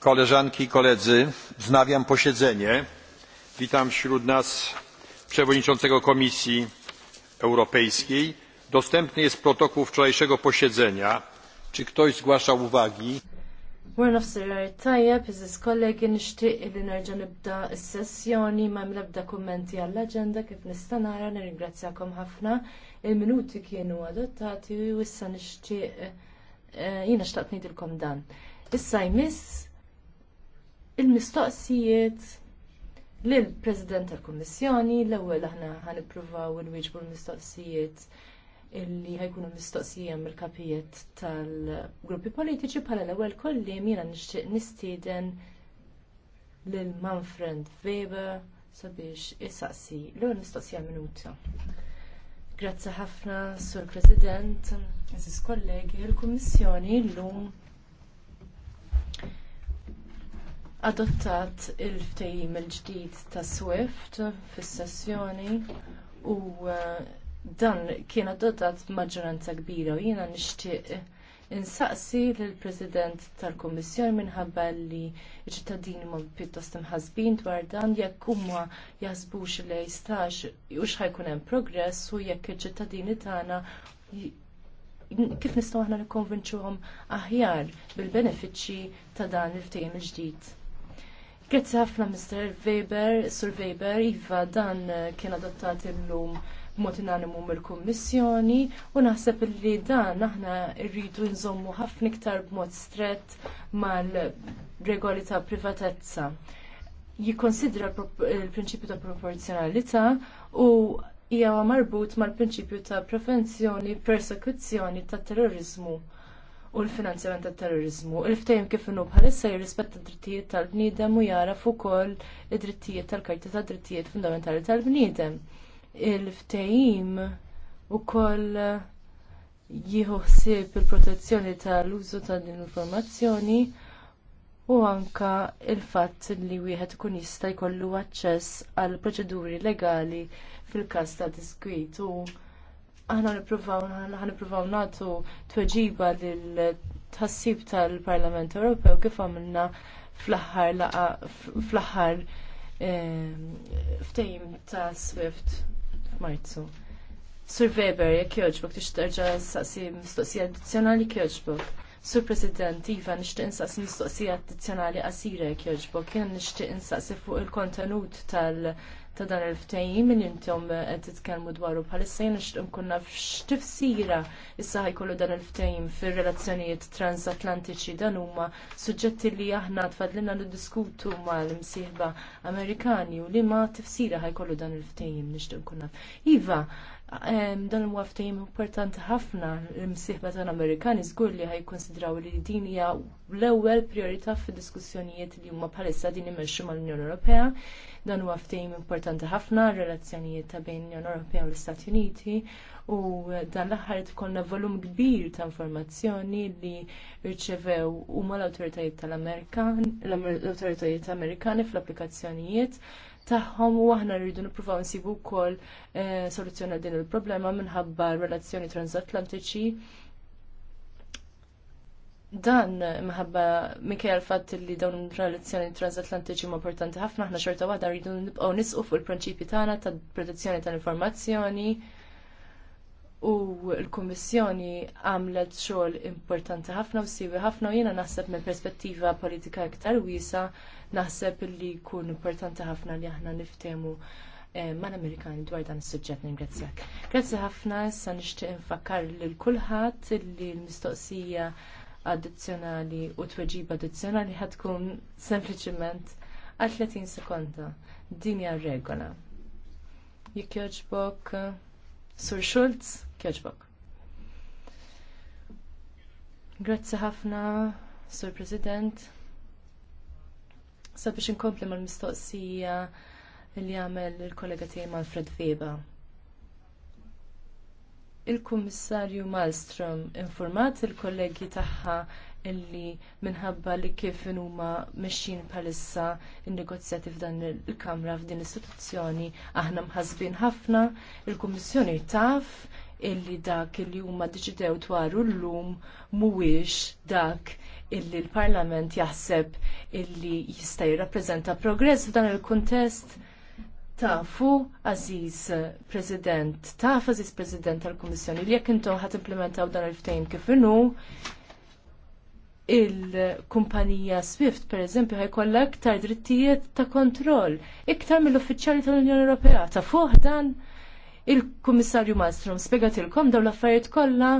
Koleżanki i koledzy, wznawiam posiedzenie. Witam wśród nas przewodniczącego Komisji Europejskiej. Dostępny jest protokół wczorajszego posiedzenia. Czy ktoś zgłasza uwagi? Wara nofsirar tajjeb, iżis kollegi nixtieq li nerġa' nibda s-sessjoni ma mlebda kummenti għall-aġenda kif nista' nirringrazzjakom ħafna. Il-minuti kienu adottati u issa nixtieq eh, jiena xtaqt ngħidilkom dan. Issa jmiss il-mistoqsijiet lill president tal kummissjoni l-ewwel aħna ħanippruvaw inwieġbu l-mistoqsijiet illi ħajkunu mistoqsija mill-kapijiet tal-gruppi politiċi bħala l-ewwel kolliem jiena nixtieq nistieden lil Manfred Weber sabiex issaqsi l-ewwel mistoqsija minuta. Grazzi ħafna, Sur President, Aziz kollegi, il-Kummissjoni llum adottat il-ftehim il-ġdid ta' Swift fis-sessjoni u eh, dan kien adottat maġġoranza kbira u jiena nixtieq insaqsi lill president tal-Kummissjoni minħabba li ċittadini ma pjuttost imħasbin dwar dan jekk huma jaħsbux li jistax u x'ħajkun hemm progress u jekk iċ-ċittadini tagħna kif nistgħu aħna nikkonvinċuhom aħjar bil-benefiċċji ta' dan il-ftehim il-ġdid. Grazie ħafna Mr. Weber, Sur Weber, Iva dan eh, kien adottat illum b'mod inanimu mill-Kummissjoni u naħseb li dan aħna rridu nżommu ħafna iktar b'mod strett mal-regoli ta' privatezza. Jikkonsidra l-prinċipju ta' proporzjonalità u hija marbut mal-prinċipju ta' prevenzjoni persekuzzjoni ta' terrorizmu u l-finanzjament tat terrorizmu. Il-ftehim kif inhu bħalissa jirrispetta d-drittijiet tal-bniedem u jaraf ukoll id-drittijiet tal-karti tad drittijiet fundamentali tal-bniedem. Il-ftehim ukoll jieħu ħsieb il-protezzjoni tal-użu ta' din l-informazzjoni u anke l fatt li wieħed ikun jista' jkollu aċċess għal proċeduri legali fil-każ ta' diskwit u aħna nippruvaw aħna nippruvaw nagħtu tweġiba lil tħassib tal-Parlament Ewropew kif għamilna fl-aħħar laqa fl-aħħar eh, ftehim ta' Swift f'Marzu. Sur Weber, jekk jogħġbok tix terġa' saqsi mistoqsija addizzjonali jogħġbok. Sur President, Iva, nixtieq insaqsi mistoqsija addizzjonali qasira jekk jogħġbok. Jien nixtieq insaqsi fuq il-kontenut tal- ta' dan il ftehim minn intom qed eh, titkellmu dwaru bħalissa jien nixtieq nkun naf x'tifsira issa ħajkollu dan il-ftejim fir-relazzjonijiet transatlantiċi dan huma suġġetti li aħna tfadlina niddiskutu mal-imsieħba Amerikani u li ma tifsira ħajkollu dan il-ftejim nixtieq nkun naf. Iva, dan huwa ftehim importanti ħafna l-imsieħba tal Amerikani żgur li ħajkonsidraw li din hija l-ewwel priorità fid-diskussjonijiet li huma bħalissa din imexxu mal-Unjoni Ewropea. Dan huwa ftehim importanti ħafna r-relazzjonijiet ta' bejn l-Unjoni Ewropea u l-Istati Uniti u dan l-aħħar tkollna volum kbir ta' informazzjoni li rċevew huma l-awtoritajiet tal-Amerikan, l-awtoritajiet Amerikani fl-applikazzjonijiet tagħhom u aħna rridu nippruvaw nsibu wkoll eh, soluzzjoni għal din il-problema minħabba relazzjoni transatlantiċi dan maħabba Mikael fatt li dawn il-relazzjoni transatlantiċi huma importanti ħafna aħna xorta waħda rridu nibqaw nisqu fuq il prinċipi tagħna ta' protezzjoni tal-informazzjoni u l-Kummissjoni għamlet xogħol importanti ħafna u siwi ħafna u jiena naħseb minn perspettiva politika iktar wiesa naħseb li jkun importanti ħafna li aħna niftehmu eh, mal-Amerikani dwar dan is-suġġett ningrazzjak. Grazzi ħafna, issa nixtieq infakkar lil kulħadd li l-mistoqsija addizzjonali u tweġiba addizzjonali ħatkun tkun sempliċement għal 30 sekonda. Din hija regola. Jekk jogħġbok Sur Schulz, jogħġbok. Grazzi ħafna, Sur President. Sabiex inkompli mal-mistoqsija li għamel il-kollega tiegħi Manfred Weber il-Kummissarju Malmström informat il-kollegi tagħha illi minħabba li kif huma mexxin bħalissa n-negozjati f'dan il-Kamra f'din l-istituzzjoni aħna mħasbin ħafna, il-Kummissjoni taf illi dak illi huma deċidew dwaru llum mhuwiex dak illi l-Parlament jaħseb illi jista' jirrappreżenta progress f'dan il-kuntest tafu, Aziz eh, President, taf Aziz President tal-Komissjoni, li jekk intom ħat implementaw dan il-ftejn kif innu il-kumpanija Swift, per eżempju, ħajkollha iktar drittijiet ta' kontroll, iktar mill-uffiċjali tal-Unjoni Ewropea. Ta' fuq dan il-Kummissarju Malmström spjegatilkom dawn l-affarijiet kollha,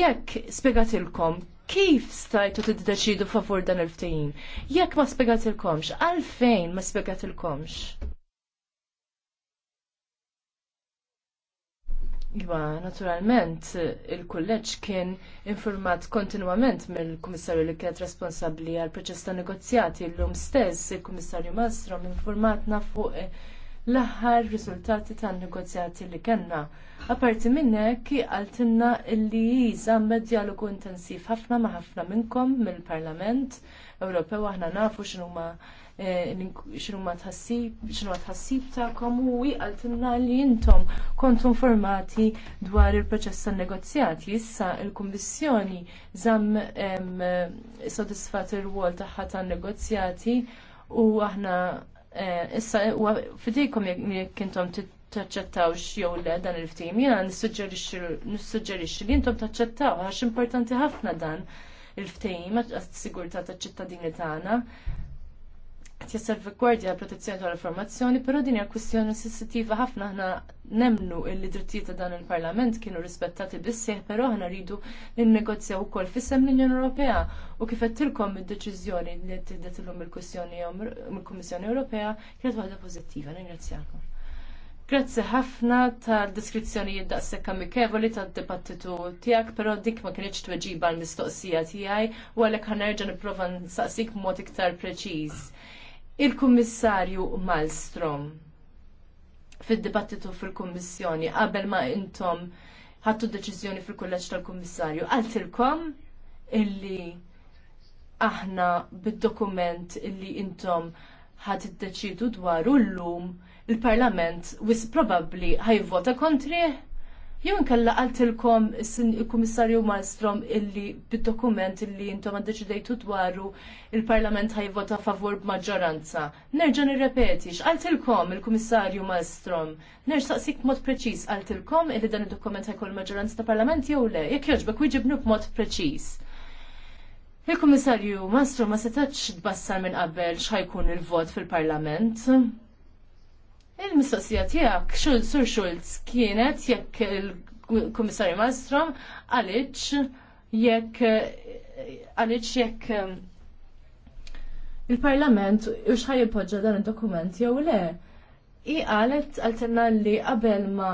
jekk spjegatilkom kif stajtu tiddeċidu favur dan il-ftehim? Jekk ma spjegatilkomx, għalfejn ma spjegatilkomx? Iba, naturalment, il-kulleġġ kien informat kontinwament mill-kummissarju li kienet responsabbli għal proċess ta' negozjati l-lum stess, il-kummissarju Mastrom informatna fuq l-aħħar riżultati tan negozjati li kellna. Aparti minn hekk għaltinna li jiżammed dialogu intensiv ħafna ma' ħafna minnkom mill-Parlament Ewropew aħna nafu ma' Eh, xinu ma tħassib komu u għaltinna li jintom kontum informati dwar il-proċess tan negozjati Issa il-Kommissjoni zam sodisfat il-wol taħħa tan negozjati u aħna eh, issa fidejkom jekk intom taċċettawx jew le dan il-ftim, jiena nissuġġerixxi li intom taċċettaw għax importanti ħafna dan il ftim għax sigurta taċ-ċittadini tagħna qed jissalvigwardja l-protezzjoni tal-informazzjoni, però din il kwistjoni sensittiva ħafna aħna nemnu li drittijiet ta' dan il-Parlament kienu rispettati bissieħ, però aħna rridu nnegozjaw ukoll fis fissem l-Unjoni Ewropea u kif qed tilkom id-deċiżjoni li tiddet illum il-kwistjoni mill-Kummissjoni Ewropea kienet waħda pożittiva. Ningrazzjakom. Grazzi ħafna tal-deskrizzjonijiet daqshekk amikevoli tad-dibattitu tiegħek, però dik ma kienx tweġiba l-mistoqsija tiegħi u għalhekk ħanerġa' nipprova nsaqsik b'mod iktar preċiż il-Kummissarju Malmstrom fid-dibattitu fil-Kummissjoni qabel ma intom ħattu deċiżjoni fil-kulleġġ tal-Kummissarju għaltilkom illi aħna bid-dokument illi intom ħad iddeċidu dwaru llum il-Parlament wis probabbli ħajvota kontri? Jew inkella għaltilkom il-Kummissarju Malmstrom illi bid-dokument illi intom għaddeċidejtu dwaru il-Parlament ħajvota favur b'maġġoranza. Nerġa' nirrepeti, x'qaltilkom il-Kummissarju Malmstrom. Nerġa' saqsik b'mod preċiż għaltilkom illi dan id-dokument ħajkol maġġoranza ta' Parlament jew le, jekk jogħġbek wieġibnu b'mod preċiż. Il-Kummissarju Malmstrom ma setax tbassar minn qabel x'ħajkun il-vot fil-Parlament. Il-mistoqsija tiegħek Sur Schulz kienet jekk il-Kummissarju Malmström għaliex jekk għaliex jekk eh, il-Parlament xħaj jipoġġa dan id-dokument jew le. I għalet għaltenna li qabel ma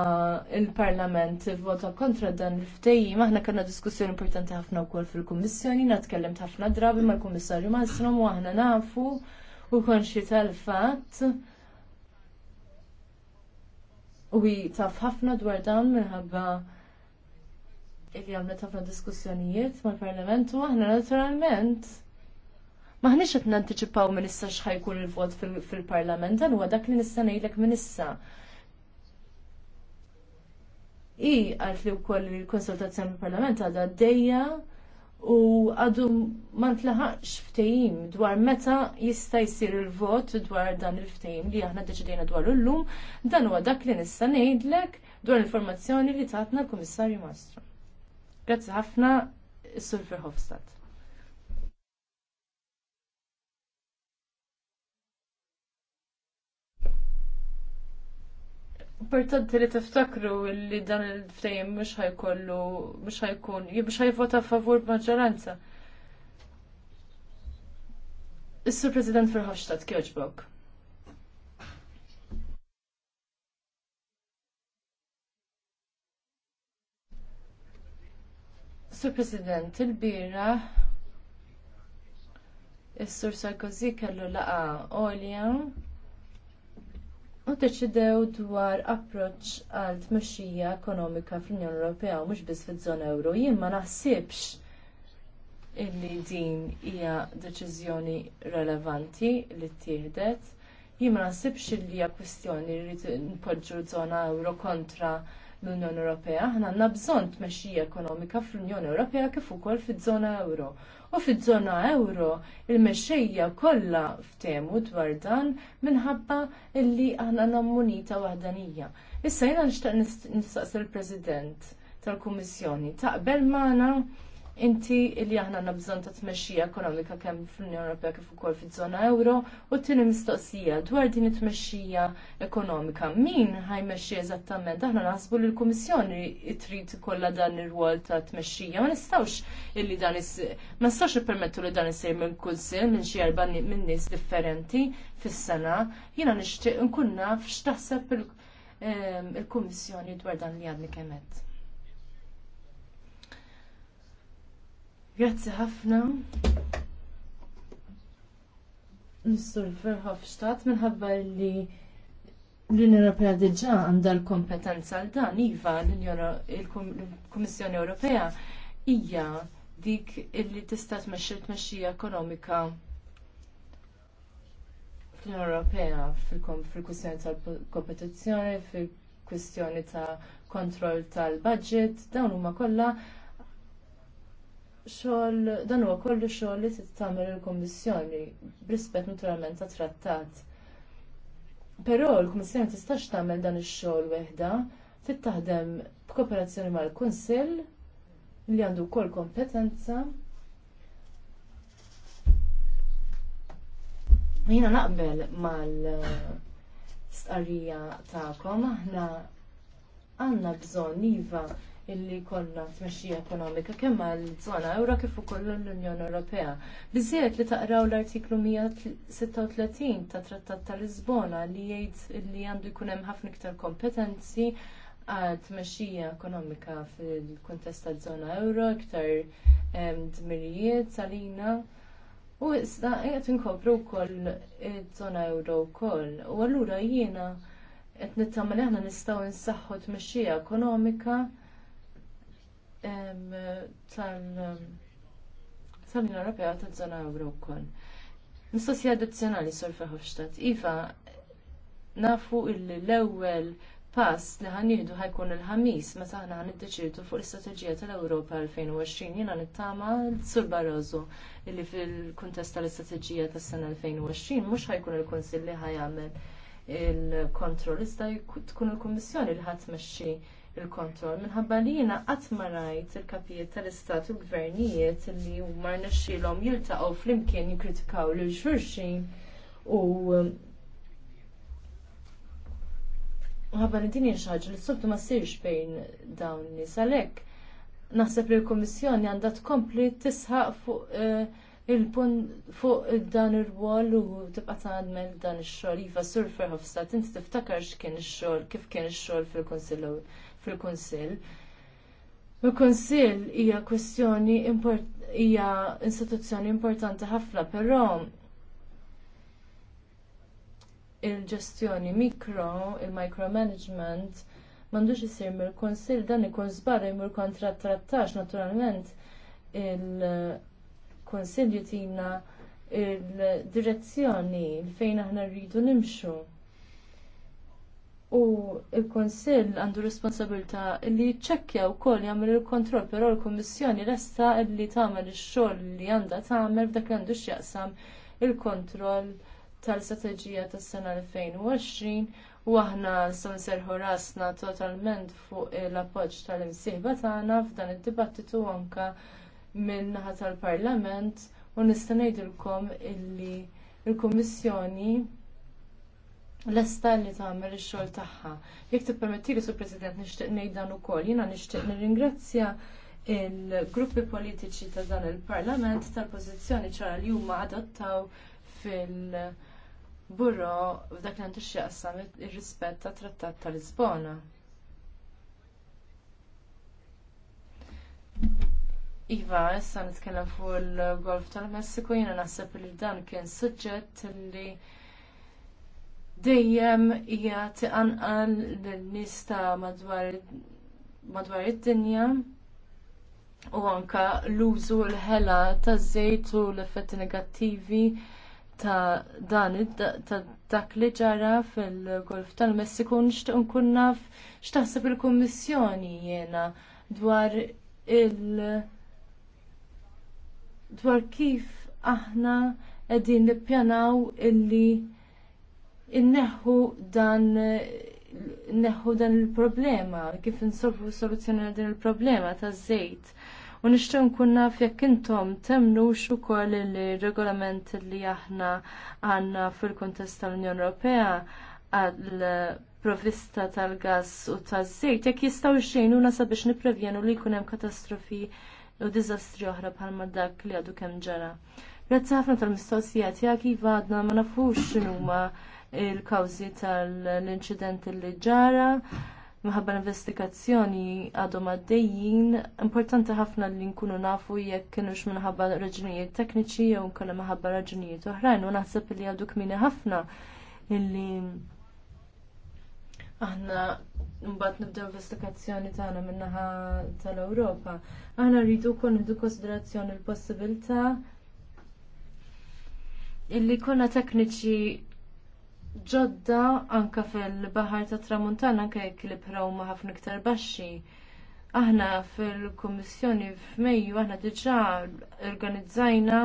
il-parlament vota kontra dan l-ftejji, maħna kanna diskussjoni importanti ħafna u kol fil-kommissjoni, natkellem ħafna drabi ma l-kommissarju ma u għahna nafu u konxi tal-fat u taf ħafna dwar dawn minħabba illi għamlet ħafna diskussjonijiet mal-Parlament u aħna naturalment maħniex qed nantiċipaw minn issa x'ħajkun il-vot fil-Parlament dan huwa dak li nista' ngħidlek minn issa. I għalt li wkoll il-konsultazzjoni mal parlament għadha għaddejja u għadu ma tlaħaqx ftehim dwar meta jista' jsir il-vot dwar dan il-ftehim li aħna deċidejna dwar illum, dan huwa dak li nista' ngħidlek dwar l-informazzjoni li tatna l-Kummissarju Mastru. Grazzi ħafna, Sur Verhofstadt. Importanti li tiftakru li dan il-ftejjem mhux ħajkollu mux ħajkun mhux ħajvota favur b'maġġoranza. Is-Sur President Verhofstadt kjoġbok. Sur President, il-bira Is-Sur Sarkozy kellu laqa olja u deċidew dwar approċċ għal tmexxija ekonomika fl-Unjoni Ewropea u mhux biss fiż-żona Ewro. Jien ma naħsibx illi din hija deċiżjoni relevanti li ttieħdet. Jien ma naħsibx illi hija kwestjoni li npoġġu żona Ewro kontra l-Unjoni Ewropea. Aħna għandna bżonn tmexxija ekonomika fl-Unjoni Ewropea kif ukoll fiż-żona Ewro u fiż-żona euro il-mexxejja kollha ftehmu dwar dan minħabba illi aħna nammunita waħdanija. Issa jiena nixtaq nistaqsi l-President tal-Kummissjoni taqbel magħna inti li aħna għandna bżonn ta' tmexxija ekonomika kemm fl-Unjoni Ewropea kif ukoll fiż-żona euro u t-tieni mistoqsija dwar din it-tmexxija ekonomika. Min ħajmexxi eżattament? Aħna naħsbu li l-Kummissjoni trid ikollha dan ir-rwol ta' tmexxija. Ma nistgħux illi dan ma nistgħux nippermettu li dan isir minn kunsill minn xi erba' minn nies differenti fis-sena. Jiena nixtieq nkun naf x'taħseb ehm, il-Kummissjoni dwar dan li għadni kemm Grazzi ħafna. Nistur Verhofstadt minħabba li l-Unjoni Ewropea diġà għandha l-kompetenza għal dan, iva l-Kummissjoni Ewropea hija dik illi tista' tmexxi tmexxija ekonomika fl-Unjoni Ewropea fil-kwistjoni tal-kompetizzjoni, fil-kwistjoni ta' kontroll tal-budget, dawn huma kollha xogħol dan huwa kollu xogħol li tagħmel il-Kummissjoni b'rispett naturalment ta' trattat. Però l-Kummissjoni tistax tagħmel dan ix-xogħol weħda, trid taħdem b'kooperazzjoni mal-Kunsill li għandu wkoll kompetenza. Jiena naqbel mal-stqarrija tagħkom aħna għandna bżonn iva illi konna tmexxija ekonomika kemm għal żona ewra kif ukoll l-Unjoni Ewropea. Biżjed li taqraw l-artiklu 136 ta' Trattat ta' Lisbona li jgħid li għandu jkun hemm ħafna iktar kompetenzi għal tmexxija ekonomika fil-kuntest tal-żona ewro, iktar dmirijiet għalina. U issa qed inkopru wkoll iż-żona euro wkoll. U allura jiena qed nittamel aħna nistgħu nsaħħu tmexxija ekonomika tal-Unjoni Ewropea tal-Zona Ewro wkoll. Mistoqsija addizzjonali Sur Verhofstadt. Iva, nafu l-ewwel pass li ħanieħdu ħajkun il-ħamis meta aħna iddeċidu fuq l-istrateġija tal-Ewropa 2020 jiena nittama sur Barroso illi fil-kuntest tal-istrateġija tas-sena 2020 mhux ħajkun il-Kunsill li ħajamel il-kontroll iżda tkun il-Kummissjoni li ħadd tmexxi il-kontroll. Minħabba li jiena qatt ma rajt il-kapijiet tal-istat u l-gvernijiet li huma rnexxielhom jiltaqgħu flimkien jikkritikaw lil xulxin u um, ħabba li din hija li s-soltu ma ssirx bejn dawn nies għalhekk naħseb li l-Kummissjoni għandha tkompli tisħaq fuq eh, il fuq dan ir-rwol u tibqa' tagħmel dan ix-xogħol iva sur ferħofstat inti tiftakar x'kien ix-xogħol kif kien ix-xogħol fil-Kunsill fil-Kunsill. Il-Kunsill hija kwestjoni hija istituzzjoni importanti ħafna, però il-ġestjoni mikro, il-micromanagement, m'għandux isir mill-Kunsill dan ikun żbar imur kontra trattax naturalment il-Kunsill jitina il-direzzjoni fejn aħna rridu nimxu u l-Kunsill għandu responsabilità li jċekkja wkoll jagħmel il-kontroll, però l-Kummissjoni lesta li tagħmel ix-xogħol li għandha tagħmel f'dak li għandu x'jaqsam il-kontroll tal-strateġija tas-sena 2020 u aħna se nserħu rasna totalment fuq l-appoġġ tal-imsieħba tagħna f'dan id-dibattitu anke min-naħa tal-Parlament u nista' ngħidilkom illi l-Kummissjoni il l-esta li tagħmel ix-xogħol tagħha. Jekk tippermettili sur President nixtieq ngħid dan ukoll, jiena nixtieq nirringrazzja il-gruppi politiċi ta' dan il-Parlament tal-pożizzjoni ċara li huma adottaw fil-Burro f'dak li għandu x'jaqsam ir-rispett tat Trattat ta' Lisbona. Iva, issa nitkellem fuq il-Golf tal-Messiku, jiena naħseb li dan kien suġġett li dejjem hija tiqanqal lin-nies ta' madwar id-dinja u anke l-użu l-ħela ta' żejt u l-effetti negattivi ta' dan ta' dak li ġara fil-Golf tal-Messiku nixtieq nkun naf x'taħseb il-Kummissjoni jiena dwar il- dwar kif aħna qegħdin nippjanaw illi inneħħu dan neħu dan il-problema, kif insolvu soluzzjoni din il-problema ta' żejt. U nixtieq nkun naf jekk intom temnux ukoll il-regolament li aħna għandna fil-kontest tal-Unjoni Europea għal provista tal-gas u taż-żejt jekk jistgħu xejnuna sabiex niprevjenu li jkun hemm katastrofi u diżastri oħra bħalma dak li għadu kemm ġara. Grazzi ħafna tal mistoqsijat tiegħek jivadna ma nafux x'inhuma il-kawzi tal-inċidenti li ġara minħabba l-investigazzjoni għadhom għaddejjin, importanti ħafna li nkunu nafu jekk kienux minħabba raġunijiet tekniċi jew nkella minħabba raġunijiet oħrajn u naħseb li għadu kmini ħafna illi aħna mbagħad nibdew investigazzjoni tagħna min-naħa tal-Ewropa. Aħna rridu wkoll nieħdu konsiderazzjoni l-possibilità illi konna tekniċi ġodda anke fil-Baħar tat Tramuntana anke jekk li bħrawma ħafna iktar baxxi. Aħna fil-Kummissjoni f'Mejju aħna diġà organizzajna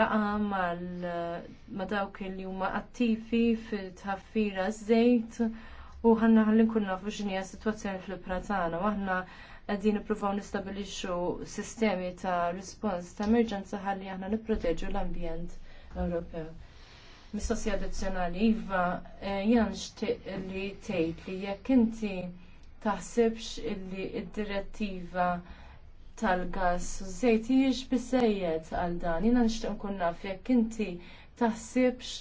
laqa ma' dawk li huma attivi fit-tħaffira żejt u ħanna ħallin nkun nafu x'inhi situazzjoni fil-Pratana u aħna qegħdin nippruvaw nistabilixxu sistemi ta' rispons ta' emerġenza ħalli aħna nipproteġu l-ambjent Ewropew. Mistoqsija addizzjonali, Iva, eh, jena nixtieq li tgħid li jekk inti taħsibx illi id-direttiva tal-gas u żejt hijiex biżejjed għal dan. Jiena nixtieq nkun naf jekk inti taħsibx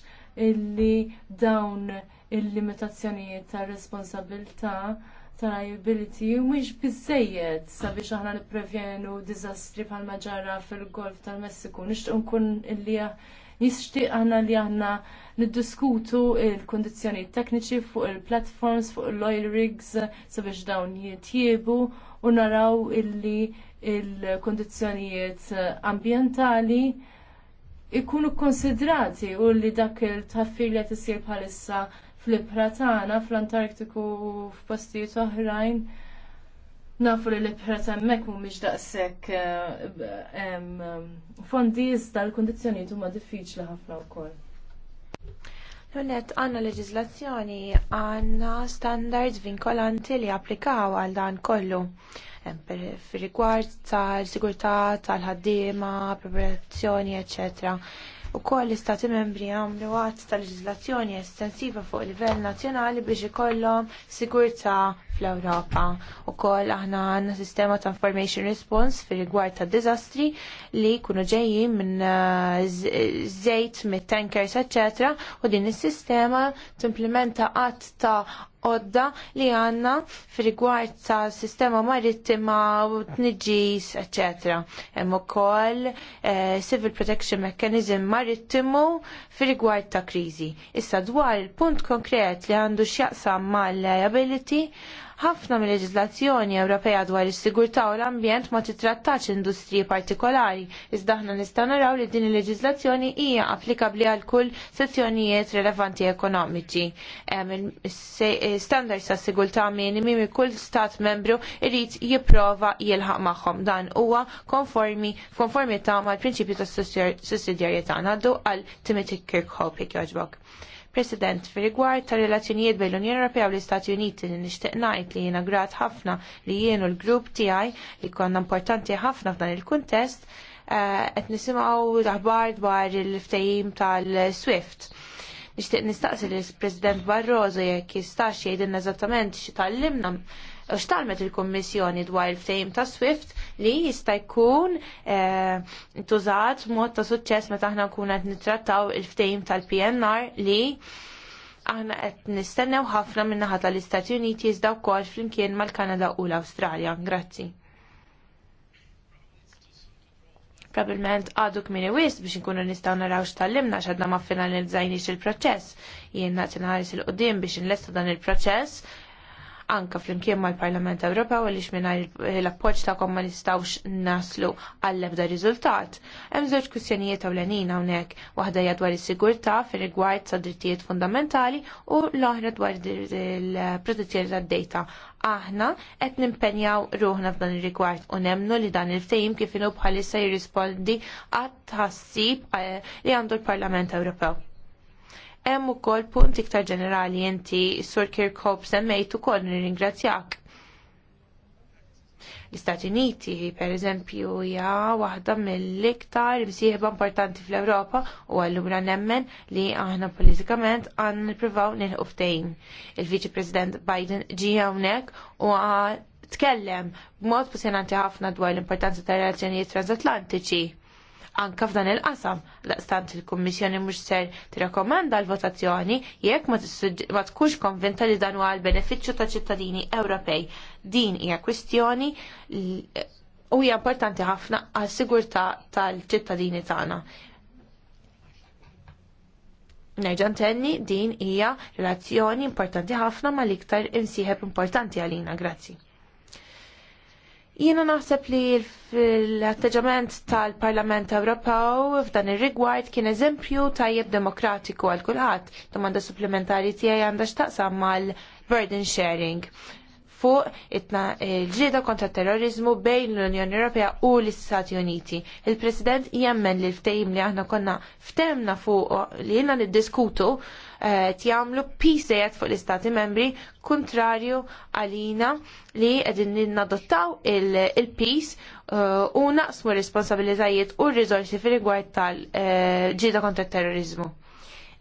illi dawn il-limitazzjonijiet tar responsabilità tal-liability mhux biżżejjed sabiex aħna nipprevjenu diżastri bħalma ġara fil-Golf tal-Messiku. Nixtieq nkun illi jixtieq għanna li aħna niddiskutu il-kondizjoni tekniċi fuq il-platforms, fuq il-oil rigs sabiex dawn jitjiebu u naraw illi il-kondizjonijiet ambientali ikunu konsidrati u li dak il-taffir li għatissir bħalissa fl-Pratana, fl-Antarktiku u f'postijiet oħrajn Nafu li l-ibħret hemmhekk mhumiex daqshekk eh, fondi iżda l-kundizzjonijiet huma diffiċli ħafna wkoll. Lunet, għanna leġizlazzjoni, għanna standards vinkolanti li applikaw għal dan kollu. Fir-rigward tal-sigurtà, tal-ħaddiema, preparazzjoni, eccetera u koll l-istati membri għamlu għat tal-leġizlazzjoni estensiva fuq livell nazjonali biex ikollhom sigurtà fl-Ewropa. Ukoll aħna għandna sistema ta' information response fil rigward ta' diżastri li jkunu ġejjin minn żejt uh, minn tankers eċetera, u din is-sistema timplementa qatt ta' odda li għanna fil-rigward ta' sistema marittima u t-nġis, etc. Hemm ukoll eh, Civil Protection Mechanism marittimu fil-rigward ta' krizi. Issa dwar il-punt konkret li għandu x'jaqsam mal-liability, Ħafna mill-leġiżlazzjoni Ewropea dwar is-sigurtà u l-ambjent ma titrattax industriji partikolari, iżda aħna nistgħu naraw li din il-leġiżlazzjoni hija applikabbli għal kull sezzjonijiet relevanti ekonomiċi. Standards ta' sigurtà minimi minn kull stat membru irid jipprova jilħaq magħhom dan huwa konformi konformità mal-prinċipju tas sussidjarjetà ngħaddu għal Timothy Kirkhope jekk jogħġbok. President, fi rigward ta' relazzjonijiet bejn l-Unjoni Ewropea u l-Istati Uniti li nixtieq ngħid li jiena grat ħafna li jien u l-grupp tiegħi li konna importanti ħafna f'dan il-kuntest eh, qed nisimgħu aħbar dwar il-ftehim tal-Swift. Nixtieq nistaqsi l-President Barroso jekk jistax jgħidilna eżattament xi tallimna u xtalmet il-Kommissjoni dwar il-ftejm ta' Swift li jista' jkun eh, tużat mod ta' suċċess meta aħna nkun qed nittrattaw il-ftejm tal-PNR li aħna qed nistennew ħafna min-naħa tal-Istati Uniti iżda wkoll flimkien mal-Kanada u l-Awstralja. Grazzi. Probabilment għadu kmini wis biex nkunu nistgħu naraw x'tallimna x'għadna ma finalizzajniex il-proċess. Jien nagħti il-qudiem biex nlesta dan il-proċess anka flimkien mal-Parlament Ewropew għaliex mingħajr l-appoġġ tagħkom ma nistgħux naslu għall-ebda riżultat. Hemm żewġ kwistjonijiet ewlenin hawnhekk, waħda hija dwar is-sigurtà fir-rigward sa' drittijiet fundamentali u l-oħra dwar il-protezzjoni tad-dejta. Aħna qed nimpenjaw ruħna f'dan ir-rigward u nemnu li dan il-ftehim kif inhu bħalissa jirrispondi għat tħassib eh, li għandu l-Parlament Ewropew. Hemm ukoll punt iktar ġenerali inti Sur Kirkhope semmejt ukoll nirringrazzjak. L-Istati Uniti, per eżempju, hija waħda mill-iktar imsieħba importanti fl-Ewropa u allura nemmen li aħna politikament għan nipprivaw nilħu ftehim. Il-Viċi President Biden ġie hawnhekk u tkellem b'mod passionanti ħafna dwar l-importanza tar relazzjonijiet transatlantiċi anka f'dan il-qasam. Laqstant il-Kummissjoni mhux ser tirrakkomanda l-votazzjoni jekk ma tkunx konvinta li dan huwa l-benefiċċju ta' ċittadini Ewropej. Din hija kwistjoni u hija importanti ħafna għas-sigurtà tal-ċittadini tagħna. Nerġa' tenni din hija relazzjoni importanti ħafna mal-iktar imsieħeb importanti għalina. Grazzi. Jiena naħseb li l-atteġament tal-Parlament Ewropew f'dan ir-rigward kien eżempju tajjeb demokratiku għal kulħadd. Domanda supplementari tiegħi għandha x'taqsam mal-burden sharing fuq il-ġlieda kontra terrorizmu bejn l-Unjoni Ewropea u l-Istati Uniti. Il-President jemmen li l-ftejim li aħna konna ftemna fuq li jena niddiskutu eh, tjamlu pisejat fuq l-Istati membri kontrarju għalina li għedin nadottaw il-pis eh, u naqsmu responsabilizajiet u r-rizorsi fil gwajt tal-ġida eh, kontra terrorizmu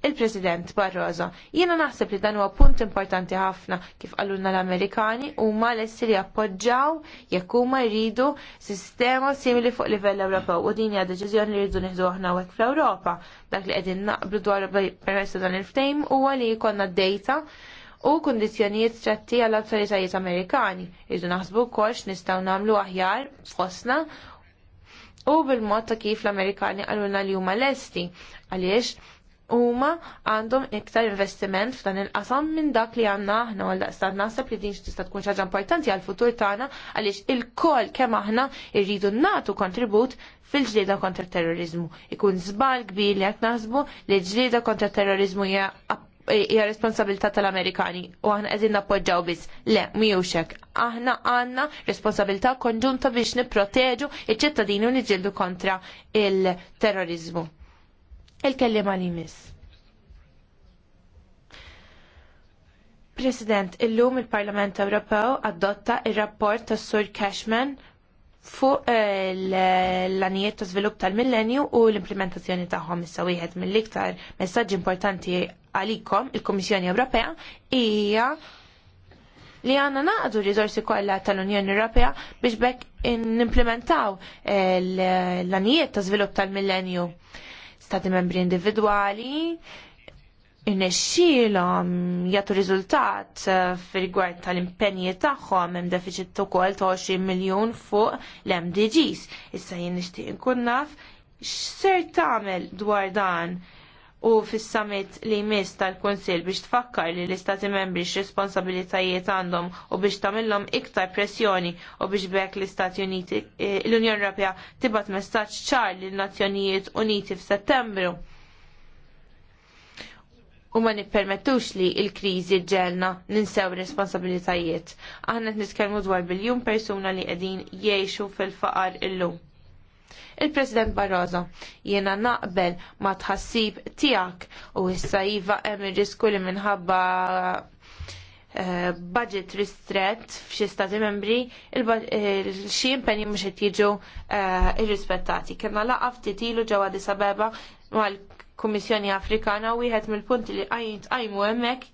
il-President Barroso. Jiena naħseb li dan huwa punt importanti ħafna kif qalulna l-Amerikani huma lesti li appoġġaw jekk huma jridu sistema simili fuq livell Ewropew u din hija deċiżjoni li rridu nieħdu aħna hekk fl-Ewropa. Dak li qegħdin naqblu dwar permessa dan il-ftejm huwa li jkollna d-data u kondizjonijiet stretti għall awtoritajiet Amerikani. Rridu naħsbu wkoll nistgħu nagħmlu aħjar fosna u bil-mod ta' kif l-Amerikani għaluna li huma lesti għaliex huma għandhom iktar investiment f'dan il-qasam minn dak li għandna aħna għal daqstat naħseb li din tista' tkun ħaġa importanti għal futur tagħna għaliex il-koll kemm aħna rridu nagħtu kontribut fil-ġlieda kontra terrorizmu. Ikun żball kbir li qed naħsbu li ġlieda kontra terrorizmu hija responsabilità tal-Amerikani u aħna qegħdin nappoġġaw biss. Le, mhijiex hekk. Aħna għandna responsabilità konġunta biex nipproteġu iċ-ċittadini u niġġieldu kontra il-terrorizmu il kellim li miss. President, illum il-Parlament Ewropew adotta il-rapport tas Sur Cashman fuq eh, l-anijiet ta' svilupp tal-millenju u l-implementazzjoni tagħhom issa wieħed mill-iktar messaġġi importanti għalikom il-Kummissjoni Ewropea hija li għanna naqdu riżorsi kollha tal-Unjoni Ewropea biex bekk nimplementaw eh, l-anijiet ta' svilupp tal-millenju di membri individwali Innexxilhom jagħtu riżultat eh, fir-rigward tal-impenji tagħhom hemm deficit ukoll ta' 20 miljun fuq l-MDGs. Issa jien nixtieq inkun naf x'ser tagħmel dwar dan u fis-summit li jmiss tal-Kunsill biex tfakkar li l-Istati membri x-responsabilitajiet għandhom u biex tagħmilhom iktar pressjoni u biex bekk l-Istati Uniti eh, l-Unjoni Ewropea tibgħat messaġġ ċar lin nazzjonijiet Uniti f'Settembru. U ma nippermettux li l-kriżi ġelna ninsew responsabilitajiet. Aħna qed nitkellmu dwar biljun persuna li qegħdin jgħixu fil-faqar illum Il-President Barroso, jiena naqbel ma tħassib tiegħek u issa iva hemm ir-risku li minħabba eh, budget ristret f'xi stati membri xi impenji mhux qed jiġu eh, irrispettati. laqgħa ftit ilu ġewwa Addis Abeba mal-Kummissjoni Afrikana u wieħed mill-punti li qajmu hemmhekk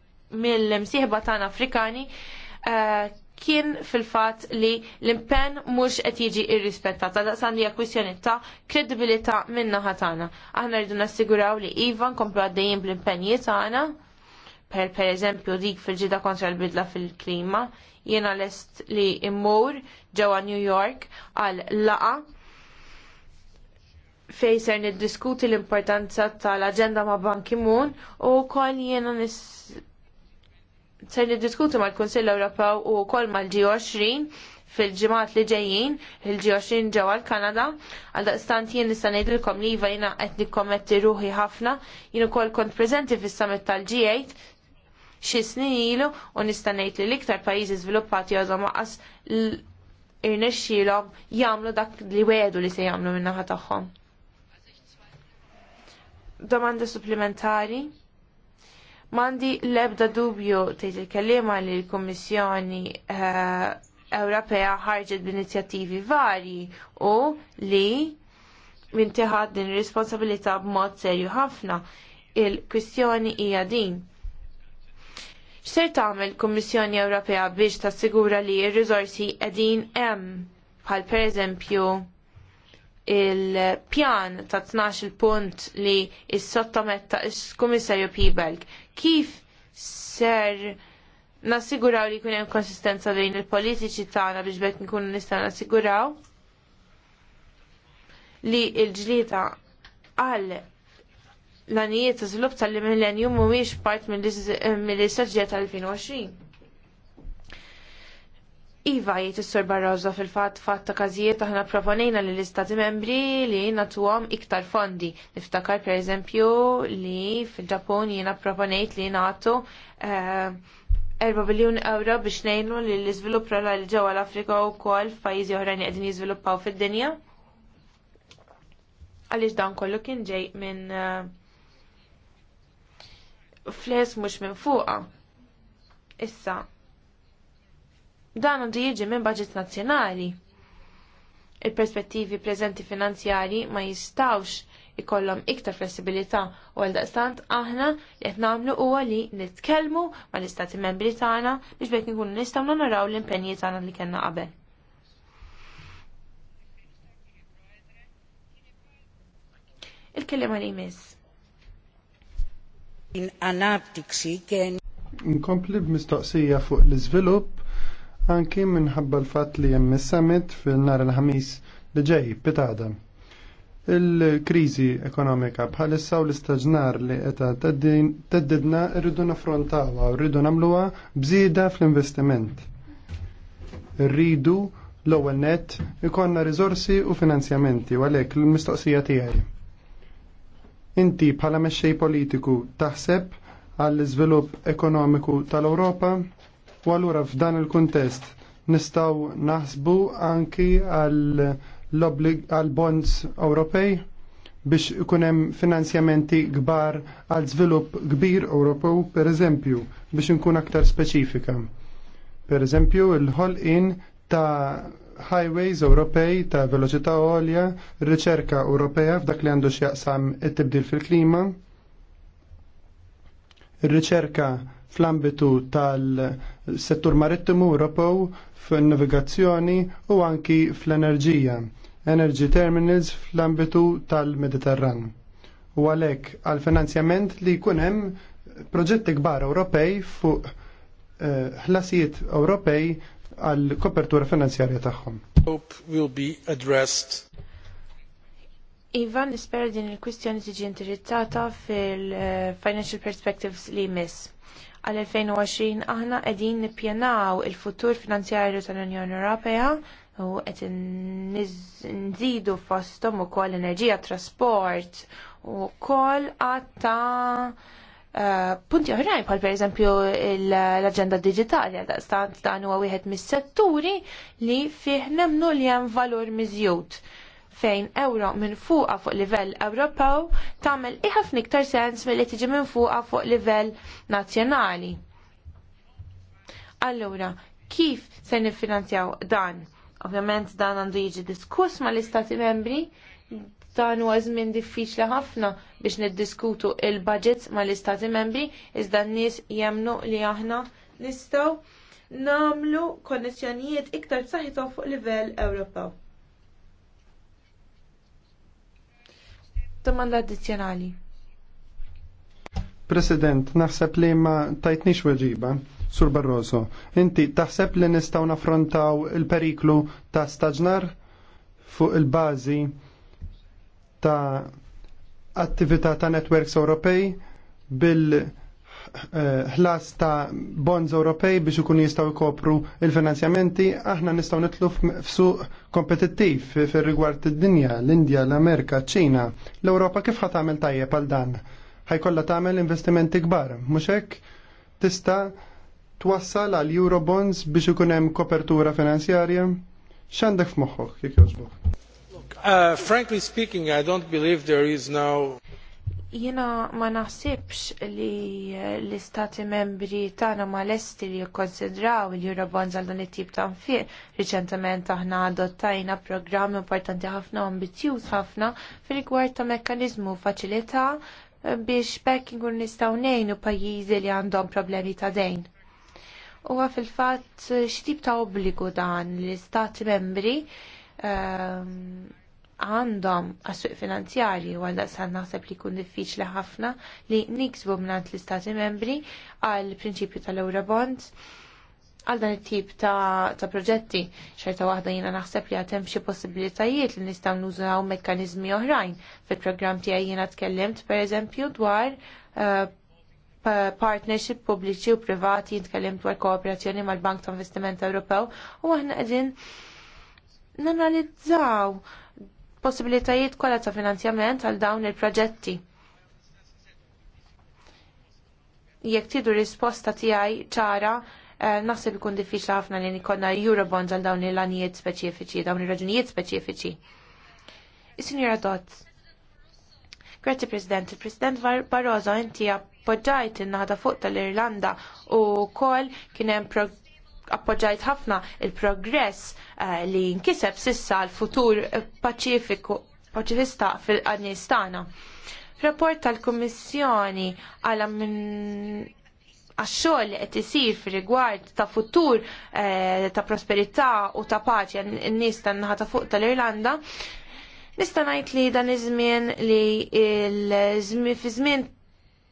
mill-msieħba tagħna Afrikani eh, kien fil-fat li l-impen mux qed jiġi irrispettata. Daqsan hija kwistjoni ta' kredibilità minna tagħna. Aħna rridu nassiguraw li iva nkomplu għaddejjin bl-impenji tagħna per per eżempju dik fil-ġida kontra l-bidla fil-klima, jiena lest li immur ġewwa New York għal laqa fej ser niddiskuti l-importanza tal-agenda ma' Ban Ki-moon u kol jiena nis ser niddiskutu mal-Kunsill Ewropew u wkoll mal-G20 fil-ġimgħat li ġejjin, il-G20 ġewwa l-Kanada, għal daqstant jien nista' ngħidilkom li iva jiena qed nikkommetti ruħi ħafna, jien ukoll kont preżenti fis-summit tal-G8 xi snin ilu u nista' ngħid li l-iktar pajjiżi żviluppati għadhom aqas irnexxielhom jagħmlu dak li wedu li se jagħmlu min-naħa tagħhom. Domanda supplementari? Mandi lebda dubju tgħid il-kelliema li l-Kummissjoni eh, Ewropea ħarġet b'inizjattivi varji u li mintiħad din responsabilità b'mod serju ħafna. Il-kwistjoni hija din. X'ser tagħmel Kummissjoni Ewropea biex tassigura li r-riżorsi qegħdin hemm bħal pereżempju il-pjan ta' 12 punt li s-sottometta il-Komissarju Pibelk. Kif ser nassiguraw li kunem konsistenza bejn il-politiċi tagħna biex bekk nkunu nistgħu nassiguraw li l-ġlieta għal l-anijiet ta' żvilupp tal millenium mhumiex part mill-istraġġija tal-2020. Iva jgħid is-Sur Barroso fil-fatt fatt ta' każijiet aħna proponina li l-Istati Membri li nagħtuhom iktar fondi. Niftakar pereżempju li fil ġapun jiena proponejt li natu 4 eh, biljun euro biex ngħinu li l rola rurali ġewwa l-Afrika wkoll f'pajjiżi oħrajn qegħdin jiżviluppaw fid-dinja. Għaliex dan kollu kien ġej minn eh, fles mhux minn fuqha. Issa, dan għandu jiġi minn budget nazzjonali. Il-perspettivi preżenti finanzjari ma jistawx ikollhom iktar flessibilità u għal daqstant aħna li qed nagħmlu huwa li nitkellmu mal-istati membri tagħna biex bekk nkunu nistgħu naraw l-impenji tagħna li kellna qabel. Il-kelliema li jmiss. In anaptiksi kien Nkompli b'mistoqsija fuq l-iżvilupp anki minħabba l-fatt li hemm is-summit fil nar l ħamis li ġej pitada. Il-kriżi ekonomika bħalissa u l-istaġnar li qed teddidna rridu naffrontawha u rridu nagħmluha bżida fl-investiment. Rridu l-ewwel net ikonna rizorsi u finanzjamenti u għalhekk l-mistoqsija tiegħi. Inti bħala mexxej politiku taħseb għall-iżvilupp ekonomiku tal-Ewropa U allura f'dan il-kuntest nistaw naħsbu anki għal bonds Ewropej biex ikunem finanzjamenti gbar għal żvilupp kbir Ewropew, per eżempju, biex nkun aktar speċifika. Per eżempju, il-ħolqin ta' highways Ewropej ta' veloċità olja, riċerka Ewropeja f'dak li għandu x'jaqsam it-tibdil fil-klima, riċerka fl-ambitu tal-settur marittimu Ewropew fin-navigazzjoni u anki fl-enerġija, energy terminals fl-ambitu tal-Mediterran. U għalhekk għal finanzjament li jkun hemm proġetti kbar Ewropej fuq eh, ħlasijiet Ewropej għal kopertura finanzjarja tagħhom. Hope will be addressed. Ivan nisper din il-kwistjoni tiġi intirizzata fil-Financial eh, Perspectives li jmiss għal 2020 aħna qegħdin nippjanaw il-futur finanzjarju tal-Unjoni Ewropea u qed nżidu fosthom ukoll enerġija, trasport u koll ta' uh, eh, punti oħrajn bħal pereżempju l-aġenda digitali għal dan huwa wieħed mis-setturi li fih nemnu li hemm valur miżjud fejn euro minn fuqa fuq livell Ewropew tagħmel iħafna iktar sens milli tiġi minn fuqa fuq livell nazzjonali. Allura, kif se niffinanzjaw dan? Ovvjament dan għandu jiġi diskuss mal istati membri, dan huwa żmien diffiċli ħafna biex niddiskutu il-budgets mal-istati membri, iżda n-nies jemnu li aħna nistgħu namlu konnessjonijiet iktar b'saħħithom fuq livell Ewropew. domanda addizzjonali. President, naħseb li ma tajtnix weġiba. Sur Barroso, inti taħseb li nistaw nafrontaw il-periklu ta' staġnar fuq il-bazi ta' attività ta' networks Ewropej bil- ħlas ta' bonds Ewropej biex ikun jistgħu jkopru il-finanzjamenti, aħna nistgħu nitlu f'suq kompetittiv fir-rigward id-dinja, l-Indja, l-Amerika, ċina L-Ewropa kif ħat tagħmel tajjeb għal dan? Ħajkollha tagħmel investimenti kbar, mhux hekk tista' twassal għal Eurobonds biex ikun hemm kopertura finanzjarja? X'għandek f'moħħok jekk jogħġbok? Uh, frankly speaking, I don't believe there is now Jiena ma naħsibx li l-istati membri tagħna ma l-esti li jikkonsidraw il-Eurobonds għal dan it-tip ta' nfir. Riċentement aħna adottajna programm importanti ħafna u ambizjuż ħafna fil-rigward ta' mekkaniżmu faċilità biex bekk nkun nistgħu ngħinu pajjiżi li għandhom problemi ta' dejn. Huwa fil-fatt x'tip ta' obbligu dan l-istati membri um, għandhom għas-suq finanzjarji u għal daqsan naħseb li jkun diffiċli ħafna li niksbu minnant l-istati membri għal prinċipju tal eurobonds għal dan it-tip ta', ta proġetti xorta waħda jiena naħseb li għatem xi possibilitajiet li nistgħu nużaw mekkaniżmi oħrajn. Fil-programm tiegħi jiena tkellimt pereżempju dwar uh, partnership pubbliċi u privati, nitkellem dwar kooperazzjoni mal-Bank ta' Investiment Ewropew u aħna qegħdin nanalizzaw possibilitajiet kollha ta' finanzjament għal dawn il-proġetti. Jekk tidu risposta tiegħi ċara, eh, naħseb ikun diffiċli ħafna li nikonna Eurobonds għal dawn il lanijiet speċifiċi, dawn ir-raġunijiet speċifiċi. is sinjora Dott. Grazie President, il-President Barroso inti appoġġajt in-naħda fuq tal-Irlanda u kol kien hemm appoġġajt ħafna il-progress eh, li nkiseb sissa l-futur paċifiku paċifista fil-Afganistana. Rapport tal-Kummissjoni għal għax-xogħol li qed isir fir-rigward ta' futur eh, ta' prosperità u ta' paċi n-nies tan-naħa ta' fuq tal-Irlanda, nista' ngħid li dan iż-żmien li fi żmien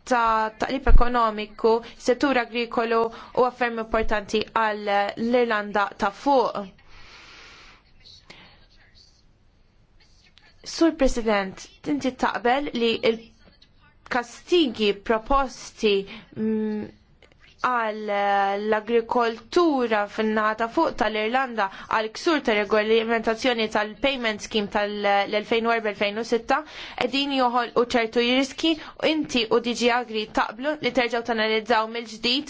ta' taqlib ekonomiku, settur agrikolu u affermi importanti għal l-Irlanda ta' fuq. Sur President, tinti taqbel li il-kastigi proposti mm, għal eh, l-agrikoltura fin-nata fuq tal-Irlanda għal ksur ta' regolamentazzjoni tal-payment scheme tal-2004-2006 edin joħol u ċertu jiriski u inti u DG Agri taqblu li terġaw tanalizzaw mill-ġdid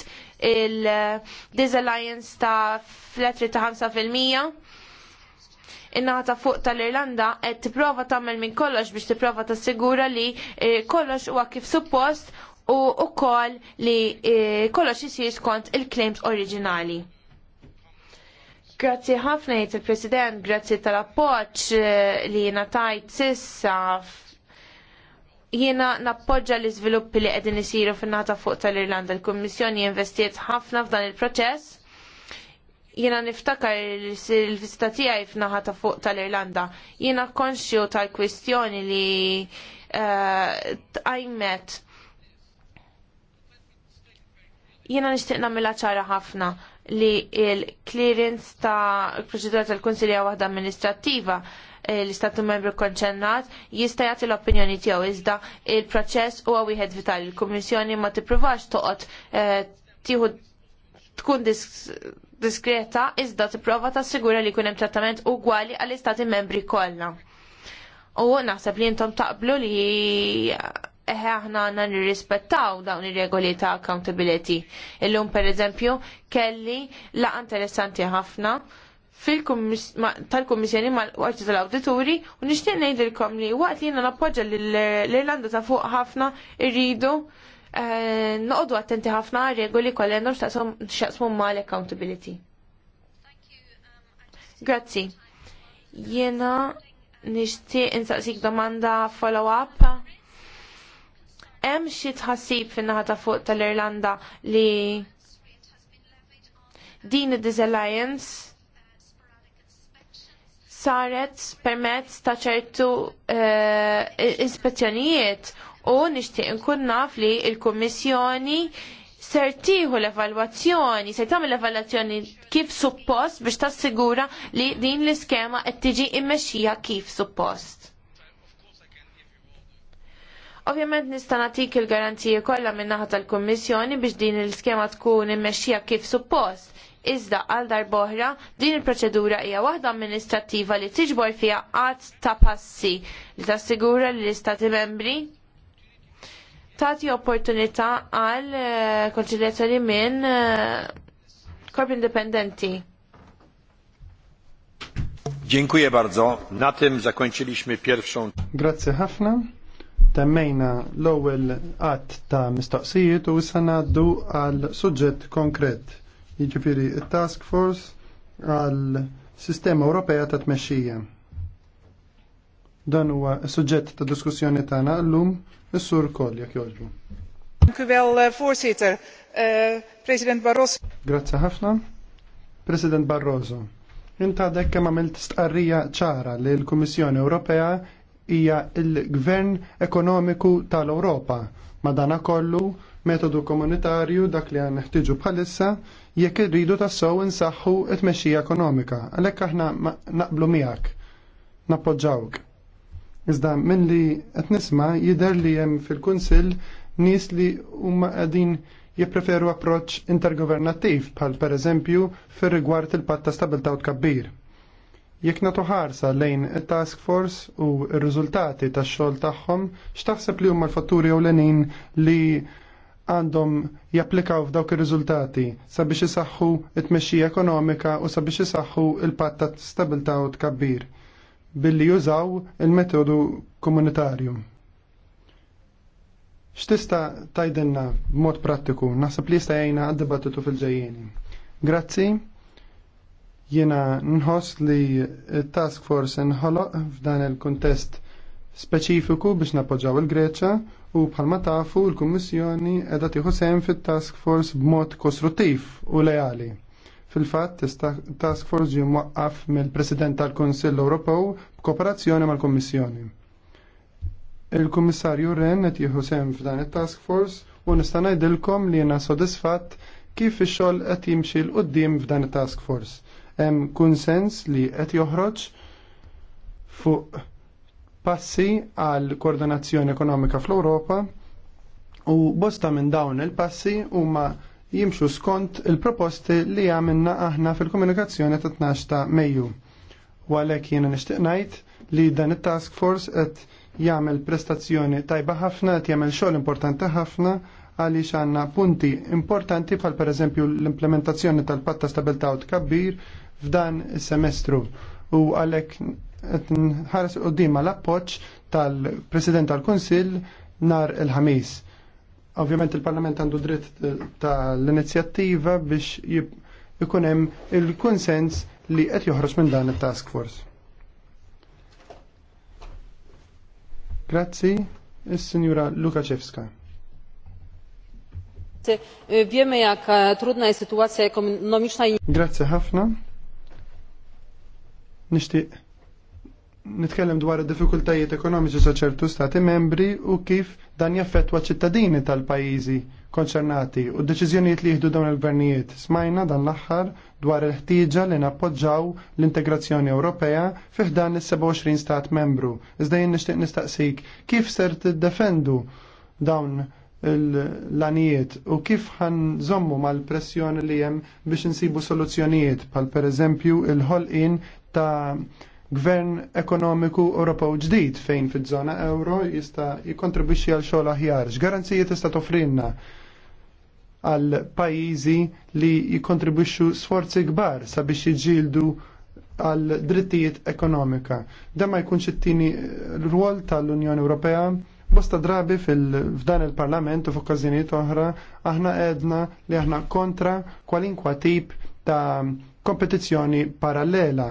il-disalliance ta' fletri ta' 5% in-naħa fuq tal-Irlanda qed tipprova tagħmel minn kollox biex tipprova tassigura li eh, kollox huwa kif suppost u ukoll li e, kollox isir skont il-claims oriġinali. Grazzi ħafna jgħid il-President, grazzi tal-appoġġ e, li natajt sissa jiena nappoġġa l iżviluppi li qegħdin isiru fin-nata fuq tal-Irlanda. Il-Kummissjoni investiet ħafna f'dan il-proċess. Jiena niftakar il-visita tiegħi f'naħa ta' fuq tal-Irlanda. Jiena konxju tal-kwistjoni li għajmet e, Jiena nixtieq nagħmilha ċara ħafna li il-clearance ta' proċedura tal-Konsilja waħda Amministrativa eh, l-istatu membru konċernat jista' jagħti l-opinjoni tiegħu iżda il-proċess huwa wieħed vital Il-Kummissjoni ma tippruvax toqgħod eh, tieħu tkun diskreta iżda tipprova tassigura li jkun hemm trattament ugwali għall-istati membri kollha. U naħseb li intom taqblu li eħe aħna għanna nirrispettaw dawn ir-regoli ta' accountability. Illum per eżempju kelli la' interessanti ħafna tal-Kummissjoni mal-Qorti tal-Awdituri u nixtieq ngħidilkom li waqt li jiena nappoġġa l-Irlanda ta' fuq ħafna irridu eh, noqogħdu attenti ħafna regoli kollha għandhom x'jaqsmu mal-accountability. Grazzi. Jiena nixtieq insaqsik domanda follow-up hemm xi tħassib fin-naħa ta' fuq tal-Irlanda li din id-disalliance saret permezz ta' ċertu uh, ispezzjonijiet u nixtieq inkun naf li l-Kummissjoni ser tieħu l-evalwazzjoni, ser tagħmel l-evalwazzjoni kif suppost biex tassigura li din l-iskema qed tiġi mmexxija kif suppost. Ovvjament nista' nagħtik il-garanziji kollha min naħa tal-Kummissjoni biex din l-iskema tkun immexxija kif suppost. Iżda għal darboħra din il-proċedura hija waħda amministrattiva li tiġbor fiha qatt ta' passi li tassigura li l-Istati membri tagħti opportunità għal eh, konċiljazzjoni minn eh, korp indipendenti. Dziękuję bardzo. Na tym zakończyliśmy pierwszą. Grazie ħafna temmejna l-ewwel qatt ta' mistoqsijiet u issa ngħaddu għal suġġett konkret. Jiġifieri it-task force għal sistema Ewropea ta' tmexxija. Dan huwa suġġett ta' diskussjoni tagħna llum is-sur Koll jekk jogħġbu. Eh, eh, president Barroso. Grazzi ħafna. President Barroso. Inta kemm għamilt stqarrija ċara li l-Kummissjoni Ewropea hija il-Gvern Ekonomiku tal-Ewropa. Madana kollu metodu komunitarju dak li għan ħtiġu bħalissa jekk irridu tassew insaħħu t tmexxija ekonomika. Għalhekk aħna naqblu miegħek, nappoġġawk. Iżda minn li qed nisma' jidher li hemm fil-Kunsill nies li huma qegħdin jippreferu approċċ intergovernattiv bħal pereżempju fir-rigward il patta ta' stabilta' u tkabbir. Jekk nagħtu ħarsa lejn it-task force u r-riżultati tax-xogħol tagħhom, x'taħseb li huma l-fatturi ewlenin li għandhom japplikaw f'dawk ir-riżultati sabiex isaħħu t-tmexxija ekonomika u sabiex isaħħu il-patt ta' stabilità u tkabbir billi jużaw il-metodu komunitarju. X'tista' tajdenna b'mod prattiku naħseb li jista' jgħinna għad-dibattitu fil-ġejjeni. Grazzi. Jiena nħoss li task force nħoloq f'dan il-kontest speċifiku biex napoġġaw il-Greċa u bħalma tafu l-Kummissjoni edha tieħu sehem fit-task force b'mod kostruttiv u leali. Fil-fatt, task force ġie mwaqqaf mill-President tal-Kunsill Ewropew b'kooperazzjoni mal-Kummissjoni. Il-Kummissarju Ren qed jieħu sehem f'dan it-task force u nista' ngħidilkom li jiena sodisfatt kif ix-xogħol qed jimxi l qudiem f'dan it-task force Hemm kunsens li qed joħroġ fuq passi għal koordinazzjoni ekonomika fl-Ewropa u bosta minn dawn il-passi huma jimxu skont il-proposti li għamilna aħna fil-komunikazzjoni ta' 12 ta' Mejju. U għalhekk jiena nixtieq ngħid li dan it-task force qed jagħmel prestazzjoni tajba ħafna, qed jagħmel xogħol importanti ħafna għaliex għandna punti importanti bħal pereżempju l-implementazzjoni tal-patta stabilta' u tkabbir, f'dan is-semestru u għalhekk u dima mal-appoġġ tal-President tal-Kunsill nar il-ħamis. Ovvjament il-Parlament għandu dritt tal-inizjattiva biex ikun hemm il-konsens li qed joħroġ minn dan it-task force. Grazzi, il sinjura Lukaċevska. wiemy jak trudna jest sytuacja ekonomiczna i... Grazie ħafna. Nixtieq nitkellem dwar id-diffikultajiet ekonomiċi sa' ċertu stati membri u kif dan jaffettwa ċittadini tal-pajjiżi konċernati u d-deċiżjonijiet li jieħdu dawn il-gvernijiet. Smajna dan l-aħħar dwar il-ħtieġa li nappoġġaw l-integrazzjoni Ewropea fih dan is-27 stat membru. Iżda jien nixtieq nistaqsik kif ser tiddefendu dawn l-anijiet u kif ħan zommu mal-pressjoni li jem biex nsibu soluzzjonijiet pal per eżempju il-ħolqin ta' gvern ekonomiku Ewropew ġdid fejn fiż-żona euro jista' jikontribwixxi għal xogħol aħjar. x'garanzijiet tista' tofrinna għal pajjiżi li jikontribwixxu sforzi kbar sabiex jiġġieldu għal drittijiet ekonomika. Dan ma jkunx it-tieni rwol tal-Unjoni Ewropea Bosta drabi f'dan il-parlament u f'okkazjonijiet oħra aħna edna li aħna kontra kwalinkwa tip ta' kompetizzjoni parallela,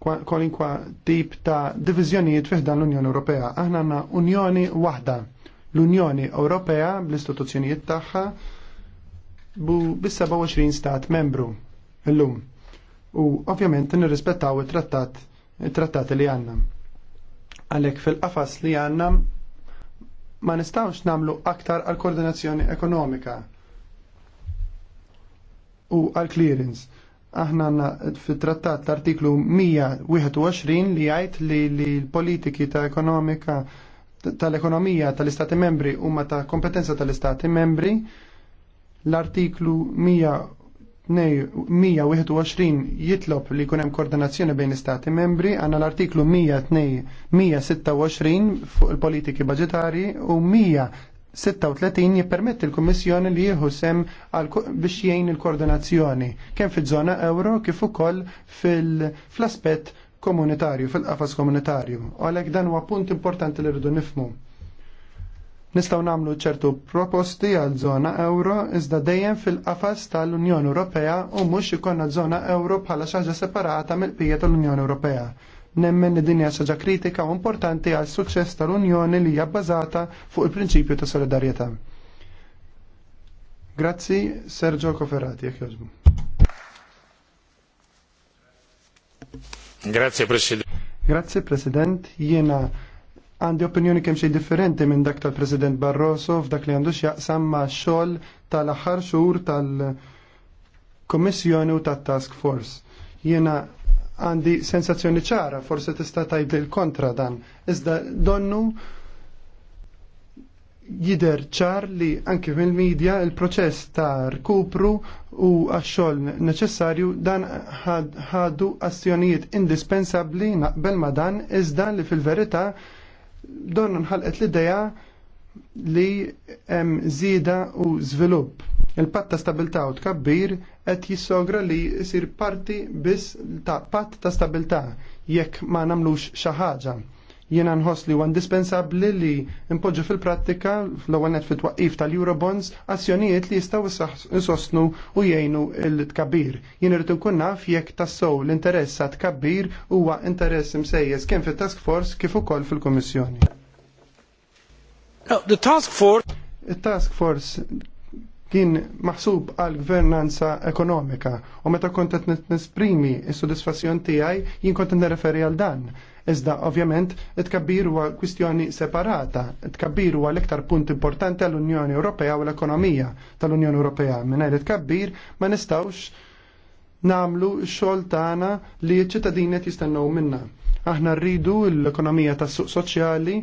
kwalinkwa tip ta' divizjonijiet f'dan l-Unjoni Ewropea. Aħna għandna Unjoni waħda, l-Unjoni Ewropea bl-istituzzjonijiet tagħha bu bis-27 stat membru llum. U ovvjament nirrispettaw it-trattat it-trattati li għandna. Għalhekk fil-qafas li għandna ma nistawx namlu aktar għal koordinazzjoni ekonomika u għal clearance. Aħna għanna fit-trattat l-artiklu 121 li jgħid li l-politiki ta' ekonomika tal-ekonomija tal-istati membri huma ta' kompetenza tal-istati membri l-artiklu 100 121 jitlob li kunem koordinazzjoni bejn istati membri, għanna l-artiklu 126 fuq il-politiki budgetari u 136 jippermetti l-Kommissjoni li jieħu sem biex jgħin il-koordinazzjoni, kemm fiż-żona euro kif ukoll fil-aspett komunitarju, fil-qafas komunitarju. għalhekk dan huwa punt importanti li rridu nifmu. Nistaw namlu ċertu proposti għal zona euro iżda dejjem fil-qafas tal-Unjoni Ewropea u mhux ikonna zona euro bħala xaġa separata mill-pija tal-Unjoni Ewropea. Nemmen li dinja xaġa kritika u importanti għal suċċess tal-Unjoni li hija bbażata fuq il-prinċipju ta' solidarjetà. Grazzi Sergio Koferati, jekk jożbu. Grazie President. Grazie President, jiena għandi opinjoni kemm differenti minn dak tal-President Barroso f'dak li għandu jaqsam ma' xogħol tal-aħħar xhur tal komissjoni u tat-Task Force. Jiena għandi sensazzjoni ċara, forse tista' tgħid il-kontra dan. Iżda donnu jider ċar li anke mill-medja il-proċess ta' rkupru u għax-xogħol neċessarju dan ħadu azzjonijiet indispensabbli naqbel ma dan iżda li fil-verità Don nħalqet l-ideja li hemm żieda u żvilupp. Il-patt ta' stabilità u tkabbir qed jissogra li jsir parti biss ta' patt ta' stabilità jekk ma nagħmlux xi ħaġa. Jiena nħoss li huwa indispensabbli li impoġġu fil-prattika l-ewwel net fit-twaqqif tal-Eurobonds azzjonijiet li jistgħu isostnu u jgħinu l-tkabbir. Jien irid ikun naf jekk tassew l-interess sa tkabbir huwa interess imsejjes kemm fit-task force kif ukoll fil-Kummissjoni. the task force Il-task force kien maħsub għal gvernanza ekonomika u meta kont qed nesprimi s-sodisfazzjon tiegħi jien kont nirreferi għal dan Iżda ovvjament it-kabbir huwa kwistjoni separata, it-kabbir huwa l-iktar punt importanti għall-Unjoni Ewropea u l-ekonomija tal-Unjoni Ewropea. Mingħajr it-kabbir ma nistgħux namlu x-xogħol tagħna li ċ-ċittadini jistennew minna aħna rridu l-ekonomija tas suq soċjali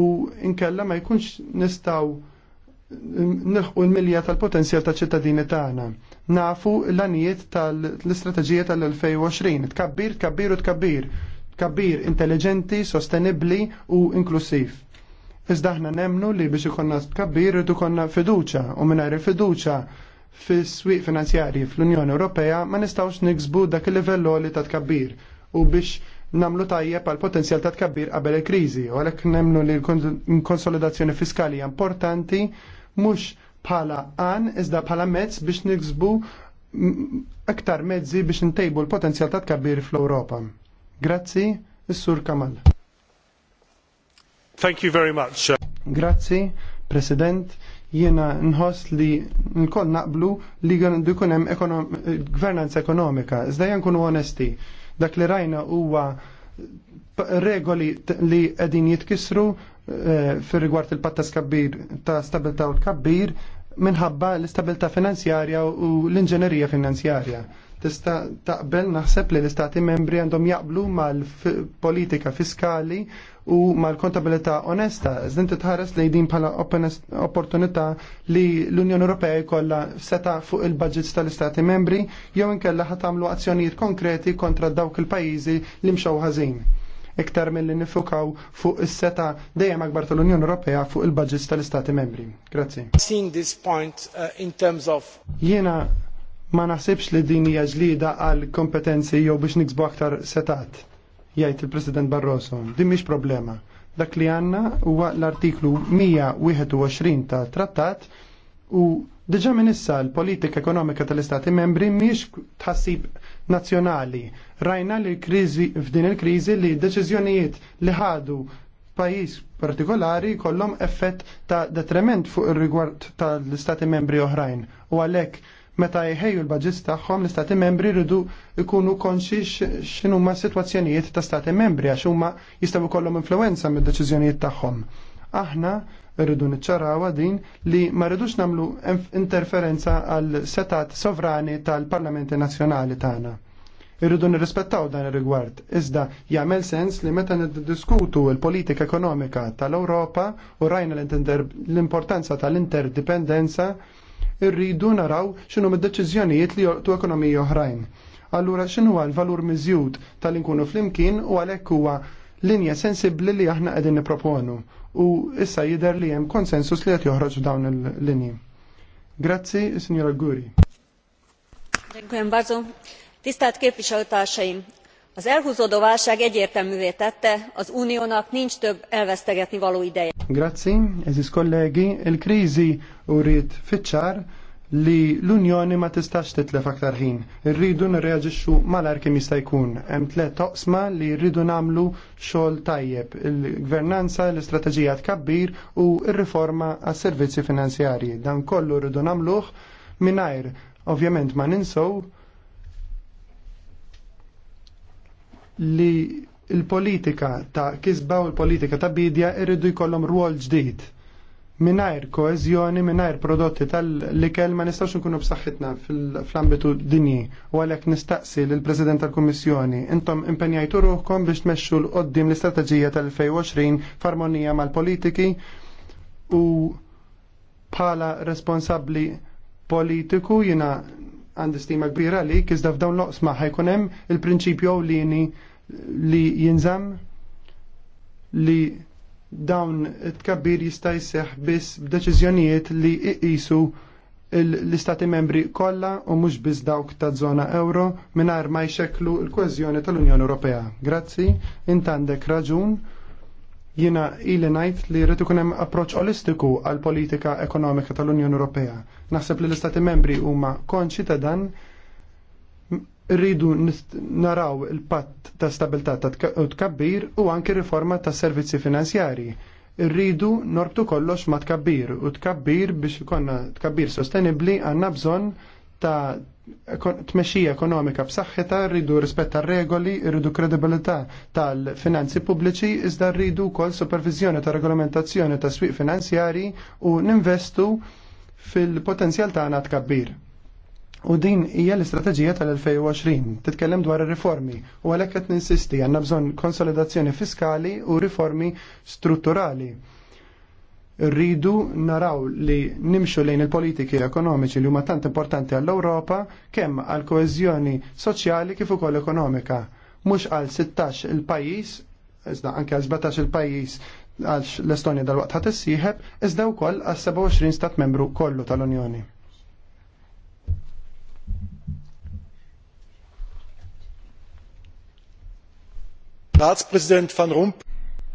u inkella ma jkunx nistaw nilħu l-milja tal-potenzjal ta' ċittadini tagħna. Nafu l-anijiet tal-istrateġija tal-2020, tkabbir, tkabbir u tkabbir kabbir intelligenti, sostenibli u inklusiv. Iżda aħna nemnu li biex ikonna kabir rridu konna fiduċa u minnajri fiduċa fis-swieq finanzjarji fl-Unjoni Ewropea ma nistgħux niksbu dak il-livell li ta' tkabbir u biex namlu tajjeb għal potenzjal ta' tkabbir qabel il-kriżi u għalhekk nemnu li l-konsolidazzjoni fiskali hija importanti mhux bħala għan iżda bħala mezz biex niksbu aktar mezzi biex ntejbu l-potenzjal ta' tkabbir fl-Ewropa. Grazzi, Is-Sur Kamal. Thank you very much. Grazzi, President. Jiena nħoss li nkoll naqblu li dikun hemm gvernanza ekonomika. Iżda jgħan onesti. Dak li rajna huwa regoli li qegħdin jitkisru e, eh, fir rigward il-patta skabbir ta' stabilta u l-kabbir minħabba l-istabilta finanzjarja u l-inġenerija finanzjarja tista' taqbel naħseb li l-istati membri għandhom jaqblu mal-politika fiskali u mal-kontabilità onesta. Zdin titħares li din bħala opportunità li l-Unjoni Ewropea jkollha seta' fuq il-budgets tal-istati membri jew inkella ħatamlu azzjonijiet konkreti kontra dawk il-pajjiżi li mxew ħażin iktar mill-li nifukaw fuq is-seta dejjem akbar tal-Unjoni Ewropea fuq il-budgets tal-Istati Membri. Grazzi. Seeing this point uh, in terms of Jiena Ma naħsibx li din hija ġlida għal kompetenzi jew biex niksbu aktar setat, jgħid il-President Barroso. Din mhix problema. Dak li għandna huwa l-artiklu 121 ta' trattat u diġa minn issa l-politika ekonomika tal-Istati membri mhix tħassib nazzjonali. Rajna li kriżi f'din il-kriżi li deċiżjonijiet li ħadu pajis partikolari kollom effett ta' detriment fuq ir rigward tal-istati membri oħrajn. U għalhekk Meta jħeju l-budgets tagħhom l-istati membri rridu jkunu konxi x'inhu ma sitwazzjonijiet ta' stati membri għax huma jistgħu jkollhom influwenza mid-deċiżjonijiet tagħhom. Aħna rridu niċċarawa din li ma rridux nagħmlu interferenza għal setat sovrani tal-Parlamenti Nazzjonali tagħna. Irridu nirrispettaw dan ir-rigward. Iżda jagħmel sens li meta niddiskutu l-politika ekonomika tal-Ewropa u rajna l-importanza tal-interdipendenza irridu naraw xinu mid-deċiżjonijiet li joqtu ekonomiji oħrajn. Allura x'inhu l-valur miżjud tal-inkunu flimkien u għalhekk huwa linja sensibbli li aħna qegħdin nipproponu u issa jidher li hemm konsensus li qed joħroġ dawn il-linji. Grazzi, Signora Guri. Dziękuję bardzo. Tista' kif xogħol xejn az elhúzódó válság egyértelművé tette az uniónak nincs több elvesztegetni való ideje. Grazzi, is kollegi, el krizi uriet fitxar li l-Unjoni ma tistax titlef aktar ħin. Irridu nirreaġixxu malar kemm jista' jkun. Hemm tliet toqsma li rridu nagħmlu xogħol tajjeb: il-gvernanza, l-istrateġija tkabbir u r-riforma għas-servizzi finanzjarji. Dan kollu rridu nagħmluh mingħajr ovvjament ma ninsow li il-politika ta' kisba u l-politika ta' bidja irridu jkollhom rwol ġdid. Minajr koezjoni, minajr prodotti tal-likel ma nistax nkunu b'saħħitna fl-ambitu dinji u għalhekk nistaqsi lill president tal-Kummissjoni intom impenjajtu ruħkom biex tmexxu l-qoddim l-istrateġija tal-2020 f'armonija mal-politiki u bħala responsabbli politiku jina għandi stima kbira li kizda f'dawn loqsma ħajkun hemm il-prinċipju li li jinżamm li dawn it kabbir jista' jseħħ biss b'deċiżjonijiet li iqisu l-istati membri kollha u mhux biss dawk ta' żona euro mingħajr ma jxekklu l-kweżjoni tal-Unjoni Ewropea. Grazzi, intandek raġun. Jiena ili ngħid li rritu kunem hemm approċċ olistiku għal politika ekonomika tal-Unjoni Ewropea. Naħseb li l-Istati membri huma konċi ta' dan rridu naraw il-patt ta' stabilta ta' tkabbir u anki riforma ta' servizzi finanzjarji. Rridu norbtu kollox ma' tkabbir u tkabbir biex konna tkabbir sostenibbli għandna bżonn ta' tmexxija ekonomika b'saħħitha rridu rispett tar-regoli, rridu kredibilità tal-finanzi pubbliċi iżda rridu wkoll supervizjoni ta' regolamentazzjoni ta' swieq finanzjari u ninvestu fil-potenzjal tagħna tkabbir. U din hija l-istrateġija tal-2020, titkellem dwar ir-riformi, u għalhekk qed ninsisti għandna bżonn konsolidazzjoni fiskali u riformi strutturali rridu naraw li nimxu lejn il-politiki ekonomiċi li huma tant importanti għall-Ewropa kemm għal koeżjoni soċjali kif ukoll ekonomika. Mhux għal 16 il-pajjiż, iżda anke għal 17 il-pajjiż għax l-Estonja dal-waqt ħat issieħeb, iżda wkoll għal 27 stat membru kollu tal-Unjoni. Ratspräsident Van Rompuy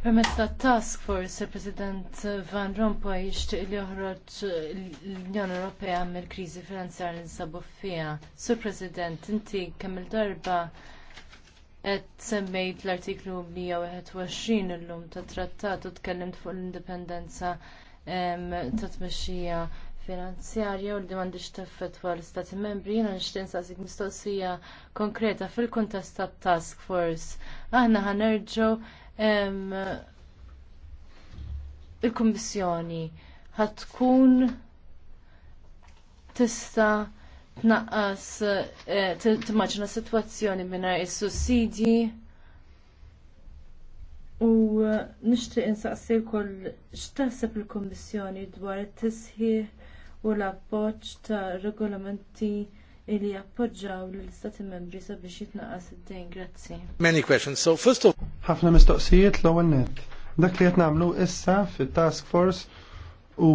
Permezz ta' task force, il-President Van Rompuy jixtieq li joħroġ l-Unjoni Ewropea mill-kriżi finanzjarja li nsabu fiha. Sur President, inti kemm il-darba qed semmejt l-artiklu 121 illum tat trattat u tkellimt fuq l-indipendenza ta' tmexxija finanzjarja u li m'għandix taffetwa l-Istati membri, jiena nixtieq saqsik mistoqsija konkreta fil-kuntest tat task force. Aħna ħanerġgħu il-Kummissjoni ħatkun tista tnaqqas eh, timmaġna sitwazzjoni mingħajr is-sussidji u eh, nixtieq insaqsi wkoll x'taħseb il-Kummissjoni dwar it tisħi u l-appoġġ ta' regolamenti illi jappoġġaw l-Istati membri sabiex jitnaqqas id-dejn. Grazzi. Many questions. So first of ħafna mistoqsijiet l-ewwel net. Dak li qed nagħmlu issa fit-task force u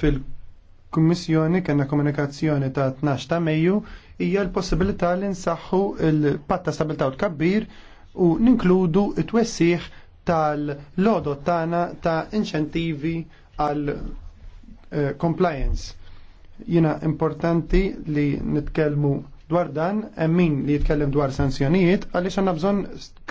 fil-Kummissjoni kellna komunikazzjoni ta' 12 ta' Mejju hija l-possibilità li nsaħħu l-patta stabilità u kabbir u ninkludu t twessieħ tal-lodot tagħna ta' inċentivi għal eh, compliance Jina importanti li nitkellmu dwar dan, emmin li jitkellem dwar sanzjonijiet, għaliex għanna bżon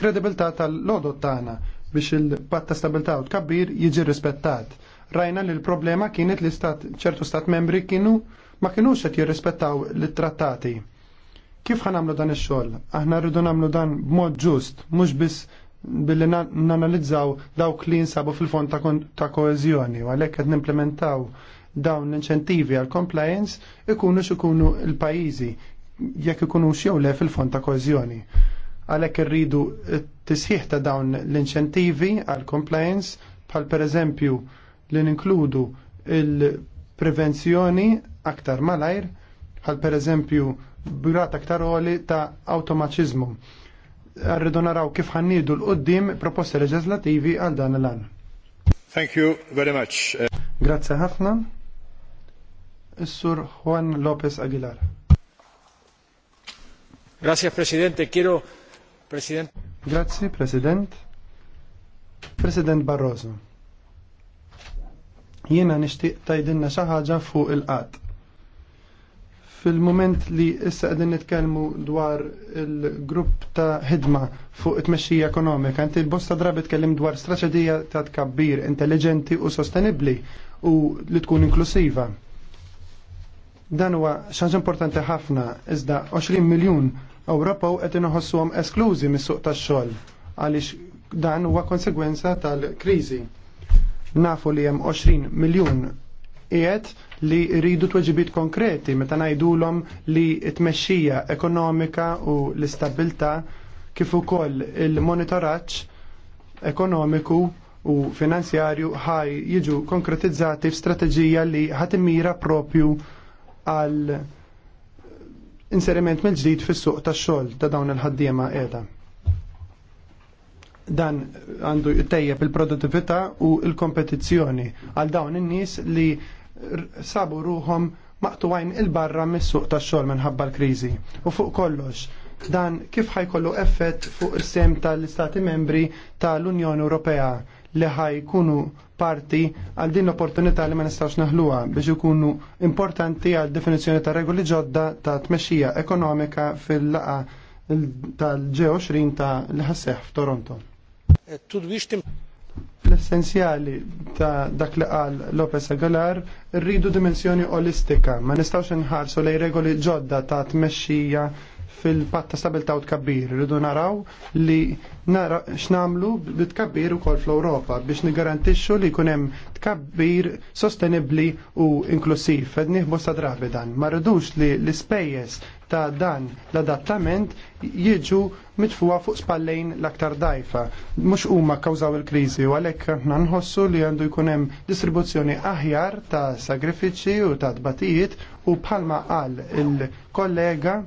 kredibilta tal-lodot tagħna biex il patta ta' stabilità u tkabbir jiġi rispettat. Rajna li l-problema kienet li stat, ċertu stat membri kienu ma kienu qed jirrispettaw l-trattati. Kif għamlu dan ix-xogħol? Aħna rridu nagħmlu dan b'mod ġust, mhux biss billi nanalizzaw dawk li jinsabu fil-fond ta' koeżjoni u għalhekk qed implementaw dawn l-inċentivi għal compliance ikunu xikunu il-pajizi jekk ikunu xew le fil-fond ta' kozjoni. Għalhekk irridu tisħiħ ta' dawn l-inċentivi għal compliance bħal per eżempju li ninkludu il-prevenzjoni aktar malajr bħal per eżempju burat aktar għoli ta' automaċizmu. Rridu naraw kif ħannidu l-qoddim proposti leġislativi għal dan l-an. Thank you very much. Grazie ħafna. Is-Sur Juan López Aguilar. Grazie Presidente, quiero President. Grazie President. President Barroso. Jiena nixtieq tajdinna xi ħaġa fuq il-qatt fil-moment li issa għedin nitkelmu dwar il-grupp ta' ħidma fuq it-mexxija ekonomika, inti bosta drabi tkellim dwar strategija ta' tkabbir intelligenti u sostenibli u li tkun inklusiva. Dan huwa xaġa importanti ħafna iżda 20 miljun u qed inħossuhom esklużi mis-suq tax-xogħol għaliex dan huwa konsegwenza tal-kriżi. Nafu li hemm 20 miljun qiegħed li rridu tweġibiet konkreti meta ngħidulhom li t-tmexxija ekonomika u l-istabilità kif ukoll il-monitoraġġ ekonomiku u finanzjarju ħaj jiġu konkretizzati f'strateġija li ħatimmira propju għal inseriment mill-ġdid fis-suq tax-xogħol ta' dawn il-ħaddiema qiegħda. Dan għandu jtejjeb il-produttività u l-kompetizzjoni għal dawn in-nies li sabu ruhom maqtuwajn il-barra mis-suq tax-xogħol minħabba l-kriżi. U fuq kollox, dan kif ħajkollu effett fuq is-sem tal-Istati membri tal-Unjoni Ewropea li ħajkunu parti għal din l-opportunità li ma nistawx naħluha biex ikunu importanti għal definizzjoni ta' regoli ġodda ta' tmexxija ekonomika fil-laqa ġew 20 ta' li ħasseħ f'Toronto. Eh, L-essenzjali ta' dak li qal Lopez Aguilar rridu dimensjoni olistika, ma nistawx nħarsu lej regoli ġodda ta' tmexxija fil-patt ta' stabilta' u tkabbir. Rridu naraw li nara x'namlu bit-tkabbir ukoll fl-Ewropa biex nigarantixxu li jkun hemm tkabbir sostenibbli u inklusiv. Qed bosta drabi dan. Ma rridux li l-ispejjeż ta' dan l-adattament jiġu mitfuwa fuq spallejn l-aktar dajfa. Mhux huma kkawżaw il-kriżi u għalhekk aħna nħossu li għandu jkun hemm distribuzzjoni aħjar ta' sagrifiċi u ta' tbatijiet u bħalma qal il-kollega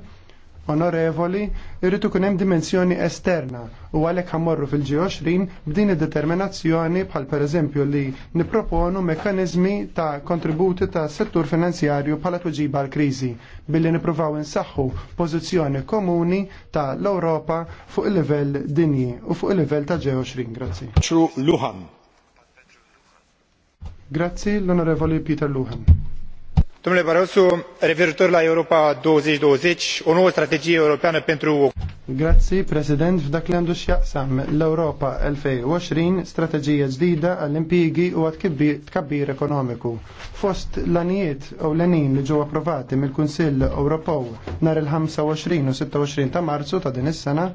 onorevoli, irritu ikun hemm dimensjoni esterna u għalhekk ħammorru fil-G20 b'din id-determinazzjoni bħal pereżempju li nipproponu mekkaniżmi ta' kontributi ta' settur finanzjarju bħala tuġiba għal kriżi billi nippruvaw insaħħu pożizzjoni komuni ta' l-Ewropa fuq il-livell dinji u fuq il-livell ta' G20. Grazzi. Grazzi l-Onorevoli Peter Luhan. Domnule Barroso, referitor la Europa 2020, o nouă strategie europeană pentru... Grazzi, President, f'dak li għandu x'jaqsam l-Europa 2020 strateġija ġdida għall-impjigi u għad tkabbir ekonomiku. Fost l-anijiet u l-anin li ġew approvati mill-Kunsill Ewropew nar il-25 u 26 ta' Marzu ta' din is-sena,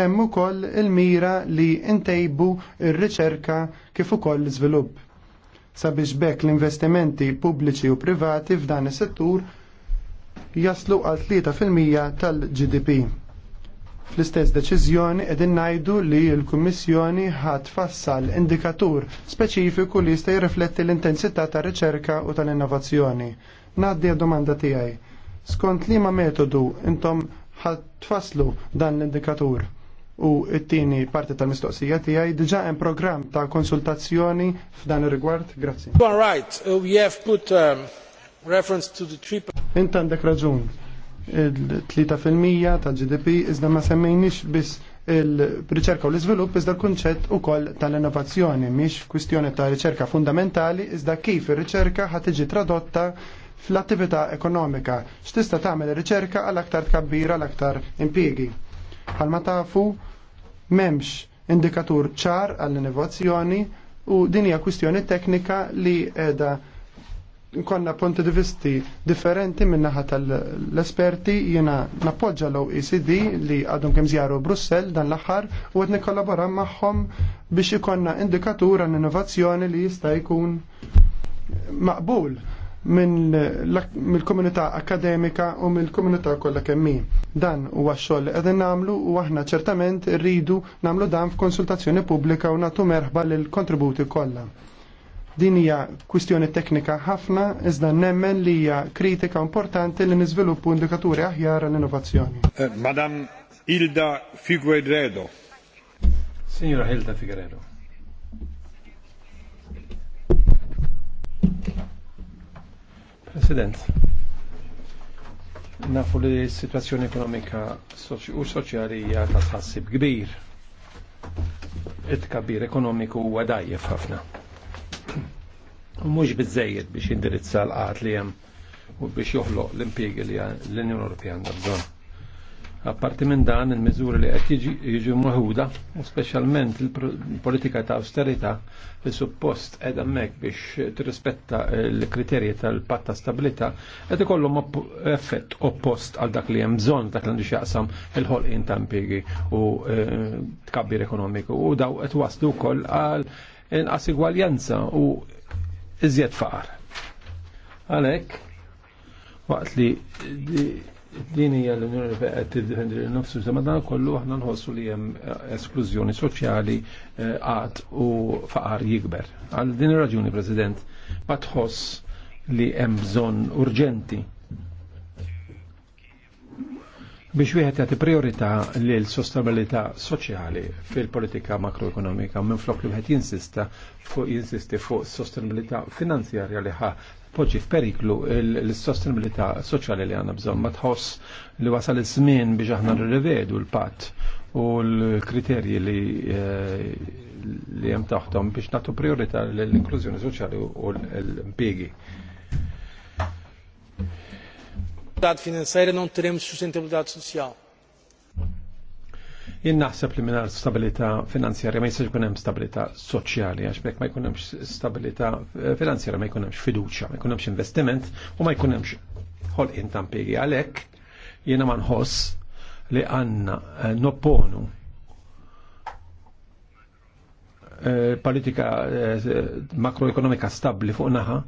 hemm ukoll il-mira li ntejbu ir-riċerka kif ukoll l-iżvilupp sabiex bekk l-investimenti pubbliċi u privati f'dan is-settur jaslu għal 3% tal-GDP. Fl-istess deċiżjoni qegħdin ngħidu li l-Kummissjoni ħadd fassal indikatur speċifiku li jista' jirrifletti l-intensità tar riċerka u tal-innovazzjoni. Ngħaddi domanda tiegħi. Skont liema metodu intom ħadd tfasslu dan l-indikatur? U it-tieni parti tal-mistoqsija tiegħi diġà hemm programm ta' konsultazzjoni f'dan ir-rigward. Grazzi. All right, uh, we have put um, reference to the għandek raġun. Il-3% tal-GDP iżda ma semmejniex biss il-riċerka u l iżvilupp iżda l-kunċett ukoll tal-innovazzjoni miex kwistjoni ta' riċerka fundamentali iżda kif ir-riċerka ħad tiġi tradotta fl-attività ekonomika. X'tista' tagħmel ir-riċerka għal aktar tkabbira l aktar impjiegi ma tafu m'hemmx indikatur ċar għall-innovazzjoni u din hija kwistjoni teknika li edha konna punti di visti differenti min-naħa tal-esperti jena nappoġġa l-OECD li għadhom kem zjaru Brussel dan l-axar u għed kollabora maħħom biex ikonna indikatur għan innovazzjoni li jista' jkun maqbul mill-komunità akademika u mill-komunità kollha kemmi. Dan huwa x-xogħol li qegħdin nagħmlu u aħna ċertament rridu nagħmlu dan f'konsultazzjoni pubblika u nagħtu merħba lil kontributi kollha. Din hija kwistjoni teknika ħafna iżda nemmen li hija kritika importanti li niżviluppu indikaturi aħjar l-innovazzjoni. Eh, Madam Hilda Figueredo. Signora Hilda Figueredo. President, nafu li s-situazzjoni ekonomika u soċjali hija ta' tħassib kbir. It-kabir ekonomiku huwa dajjef ħafna. U mhux biżejjed biex jindirizza l-qat li hemm u biex joħloq l impjiegi li l-Unjoni Ewropea għandha bżonn Apparti minn dan il-miżuri li qed jiġu maħuda, u speċjalment il-politika ta' austerità li suppost qed hemmhekk biex tirrispetta eh, l-kriterji tal-patt ta' stabilità qed ikollhom effett oppost għal dak li hemm bżonn dak li għandu jaqsam il-ħolqien ta' impjiegi u eh, tkabbir ekonomiku u daw qed waslu wkoll għal inqas igwaljanza u iżjed faqar. Għalhekk waqt li din hija l-Unjoni Ewropea qed tiddefendi lil nofsu iżda madan kollu aħna nħossu li hemm eh, esklużjoni soċjali qatt eh, u faqar jikber. Għal din ir-raġuni President ma tħoss li hemm bżonn urġenti biex wieħed jagħti priorità lil sostenibilità soċjali fil-politika makroekonomika minn li wieħed jinsista fuq jinsisti fuq sostenibilità finanzjarja li ħa poġġi f'periklu l-sostenibilità soċjali li għandna bżonn ma tħoss li wasal iż-żmien biex aħna nirrivedu l-patt u l-kriterji li eh, li hemm taħtom biex nagħtu priorità l-inklużjoni soċjali u l-impjegi. Dat finanzjari non terem sustentabilità soċjali Jien naħseb li mingħajr stabilità finanzjarja ma jistax ikun hemm stabilità soċjali għax bekk ma jkun hemmx stabilità eh, finanzjarja ma jkun fiduċa, ma jkun hemmx investiment u ma jkun hemmx ħolqien tampigi għalhekk jiena man nħoss li għandna eh, nopponu eh, politika makroekonomika stabli fuq naħa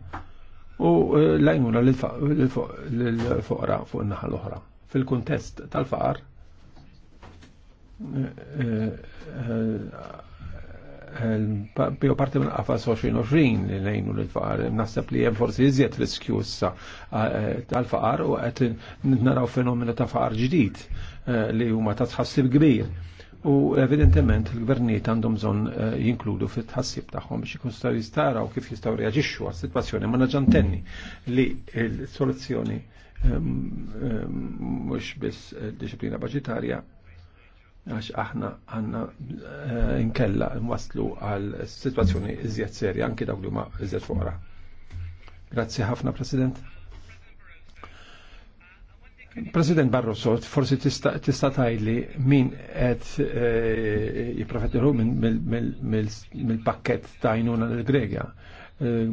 u lajnuna l-fuqra fuq naħa l-oħra. Fil-kontest tal-faqar, bio parti minn qafas 2020 li lejnu l-faqar, naħseb li hemm forsi iżjed riskju issa eh, tal-faqar u qed naraw fenomenu ta' faqar ġdid eh, li huma ta' tħassib kbir. U evidentement il-gvernijiet għandhom bżonn eh, jinkludu fit-tħassib tagħhom biex jkunu jistaraw kif jistgħu reaġixxu għas-sitwazzjoni ma naġantenni li l-soluzzjoni mhux biss disciplina budgetarja għax aħna għanna eh, inkella waslu għal situazzjoni iżjed serja anki dawk li ma iżjed fuqra. Grazzi ħafna, President. President Barroso, forsi tista' tajli min qed eh, jipprofetilu mill-pakket ta' għajnuna l-Grega. Eh,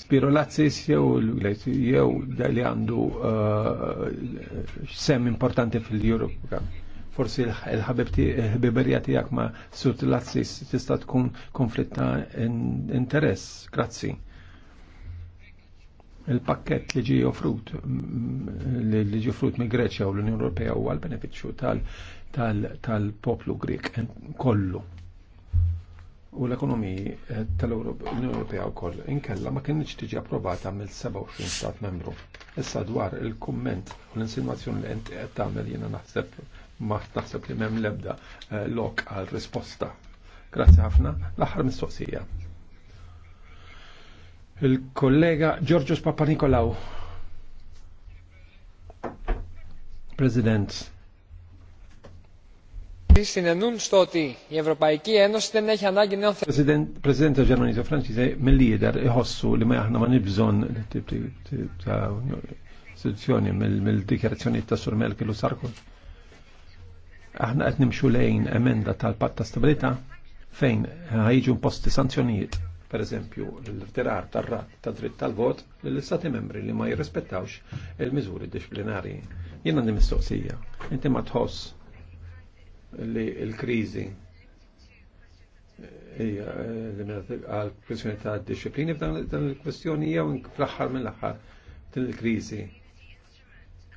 Spiro Lazzis jew jew li għandu sem importanti fil-Europa forsi l ħabibberja tijak ma sut Lazzis tista tkun konflitta interess. Grazzi. Il-pakket li ġi offrut mm, li ġi offrut mi Greċja u l-Unjoni Ewropea huwa l-benefiċċju tal-poplu Grek kollu u l-ekonomiji eh, tal-Unjoni Ewropea wkoll inkella ma kienx tiġi approvata mill-27 stat membru. Issa dwar il-kumment u l-insinuazzjoni li qed tagħmel jiena naħseb ma naħseb li m'hemm lebda eh, lok għal risposta. Grazie ħafna. L-aħħar mistoqsija. Il-kollega Giorgios Papanikolaw. President. Συνενούν στο ότι η Ευρωπαϊκή Ένωση δεν έχει ανάγκη νέων θεσμών. Presidente Germania Franċiże mill-lider iħossu να μην aħna τα nibżon με τη dikjarazzjoni ta' Sur και u Sarkozy aħna qed nimxu lejn emenda tal-patt ta' stabilità fejn ħajġu posti sanzjonijiet per eżempju l-irtirar tar-rat ta' dritt tal-vot lill-istati membri li ma jirrispettawx il-miżuri disciplinari. Jien għandi mistoqsija, inti ma tħoss li l-kriżi hija għal kwestjoni ta' disciplini f'dan il-kwestjoni hija fl-aħħar mill-aħħar din il-kriżi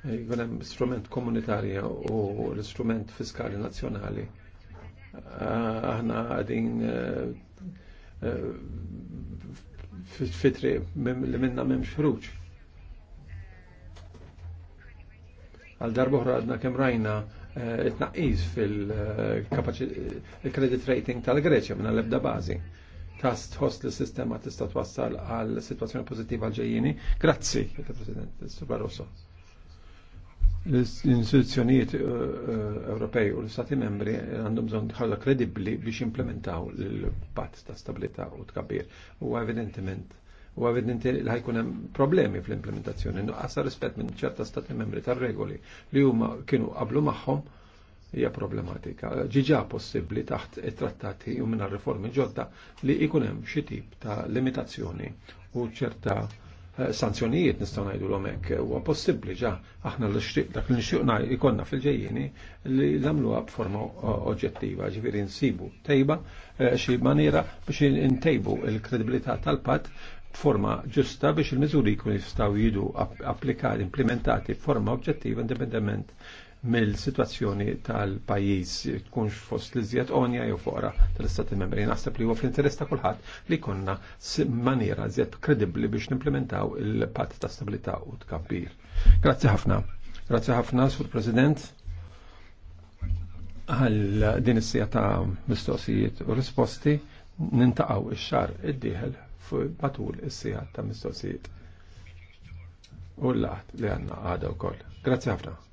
Għalem strument komunitarja u l-strument fiskali nazjonali. Ah, aħna għadin eh, eh, fitri li minna memx xruċ. Għal darbohra għadna kem rajna eh, it-naqis fil-credit rating tal-Greċja minna l-ebda bazi. Tas tħoss li sistema tista' twassal għal situazzjoni pozittiva għal ġejjini. Grazzi, President Barroso. L-istituzzjonijiet eh, eh, Ewropej u l-Stati membri għandhom bżonn ħaġa kredibbli biex implementaw l-patt ta' stabilità u tkabbir. U evidentement u evidenti li ħajkun hemm problemi fl-implementazzjoni. Nuqqasa rispett minn ċerta stati membri tar-regoli li huma kienu qablu magħhom hija problematika. Ġiġa possibbli taħt it-trattati u minn riformi ġodda li jkun hemm xi tip ta' limitazzjoni u ċerta' Eh, sanzjonijiet nistgħu ngħidu l hekk eh, huwa possibbli ġa aħna l-xtiq dak li nixtieqna ikonna fil-ġejjieni li nagħmluha b'forma oġġettiva, ġifieri nsibu tejba eh, xi maniera biex intejbu il-kredibilità tal-patt forma ġusta biex il-miżuri jkunu jistgħu jidu applikati, implementati b'forma oġġettiva indipendement mill-situazzjoni tal-pajjiż kunx fost li żjed onja jew fora tal-Istati Membri. Naħseb li huwa fl-interess ta' kulħadd li konna maniera żjed kredibbli biex nimplementaw il-patt ta' stabilità u tkabbir. Grazzi ħafna. Grazzi ħafna, Sur President għal din is ta' mistoqsijiet u risposti nintaqgħu ix-xar id-dieħel matul is-sija ta' mistoqsijiet. U l-laħt li għanna għada wkoll. Grazzi ħafna.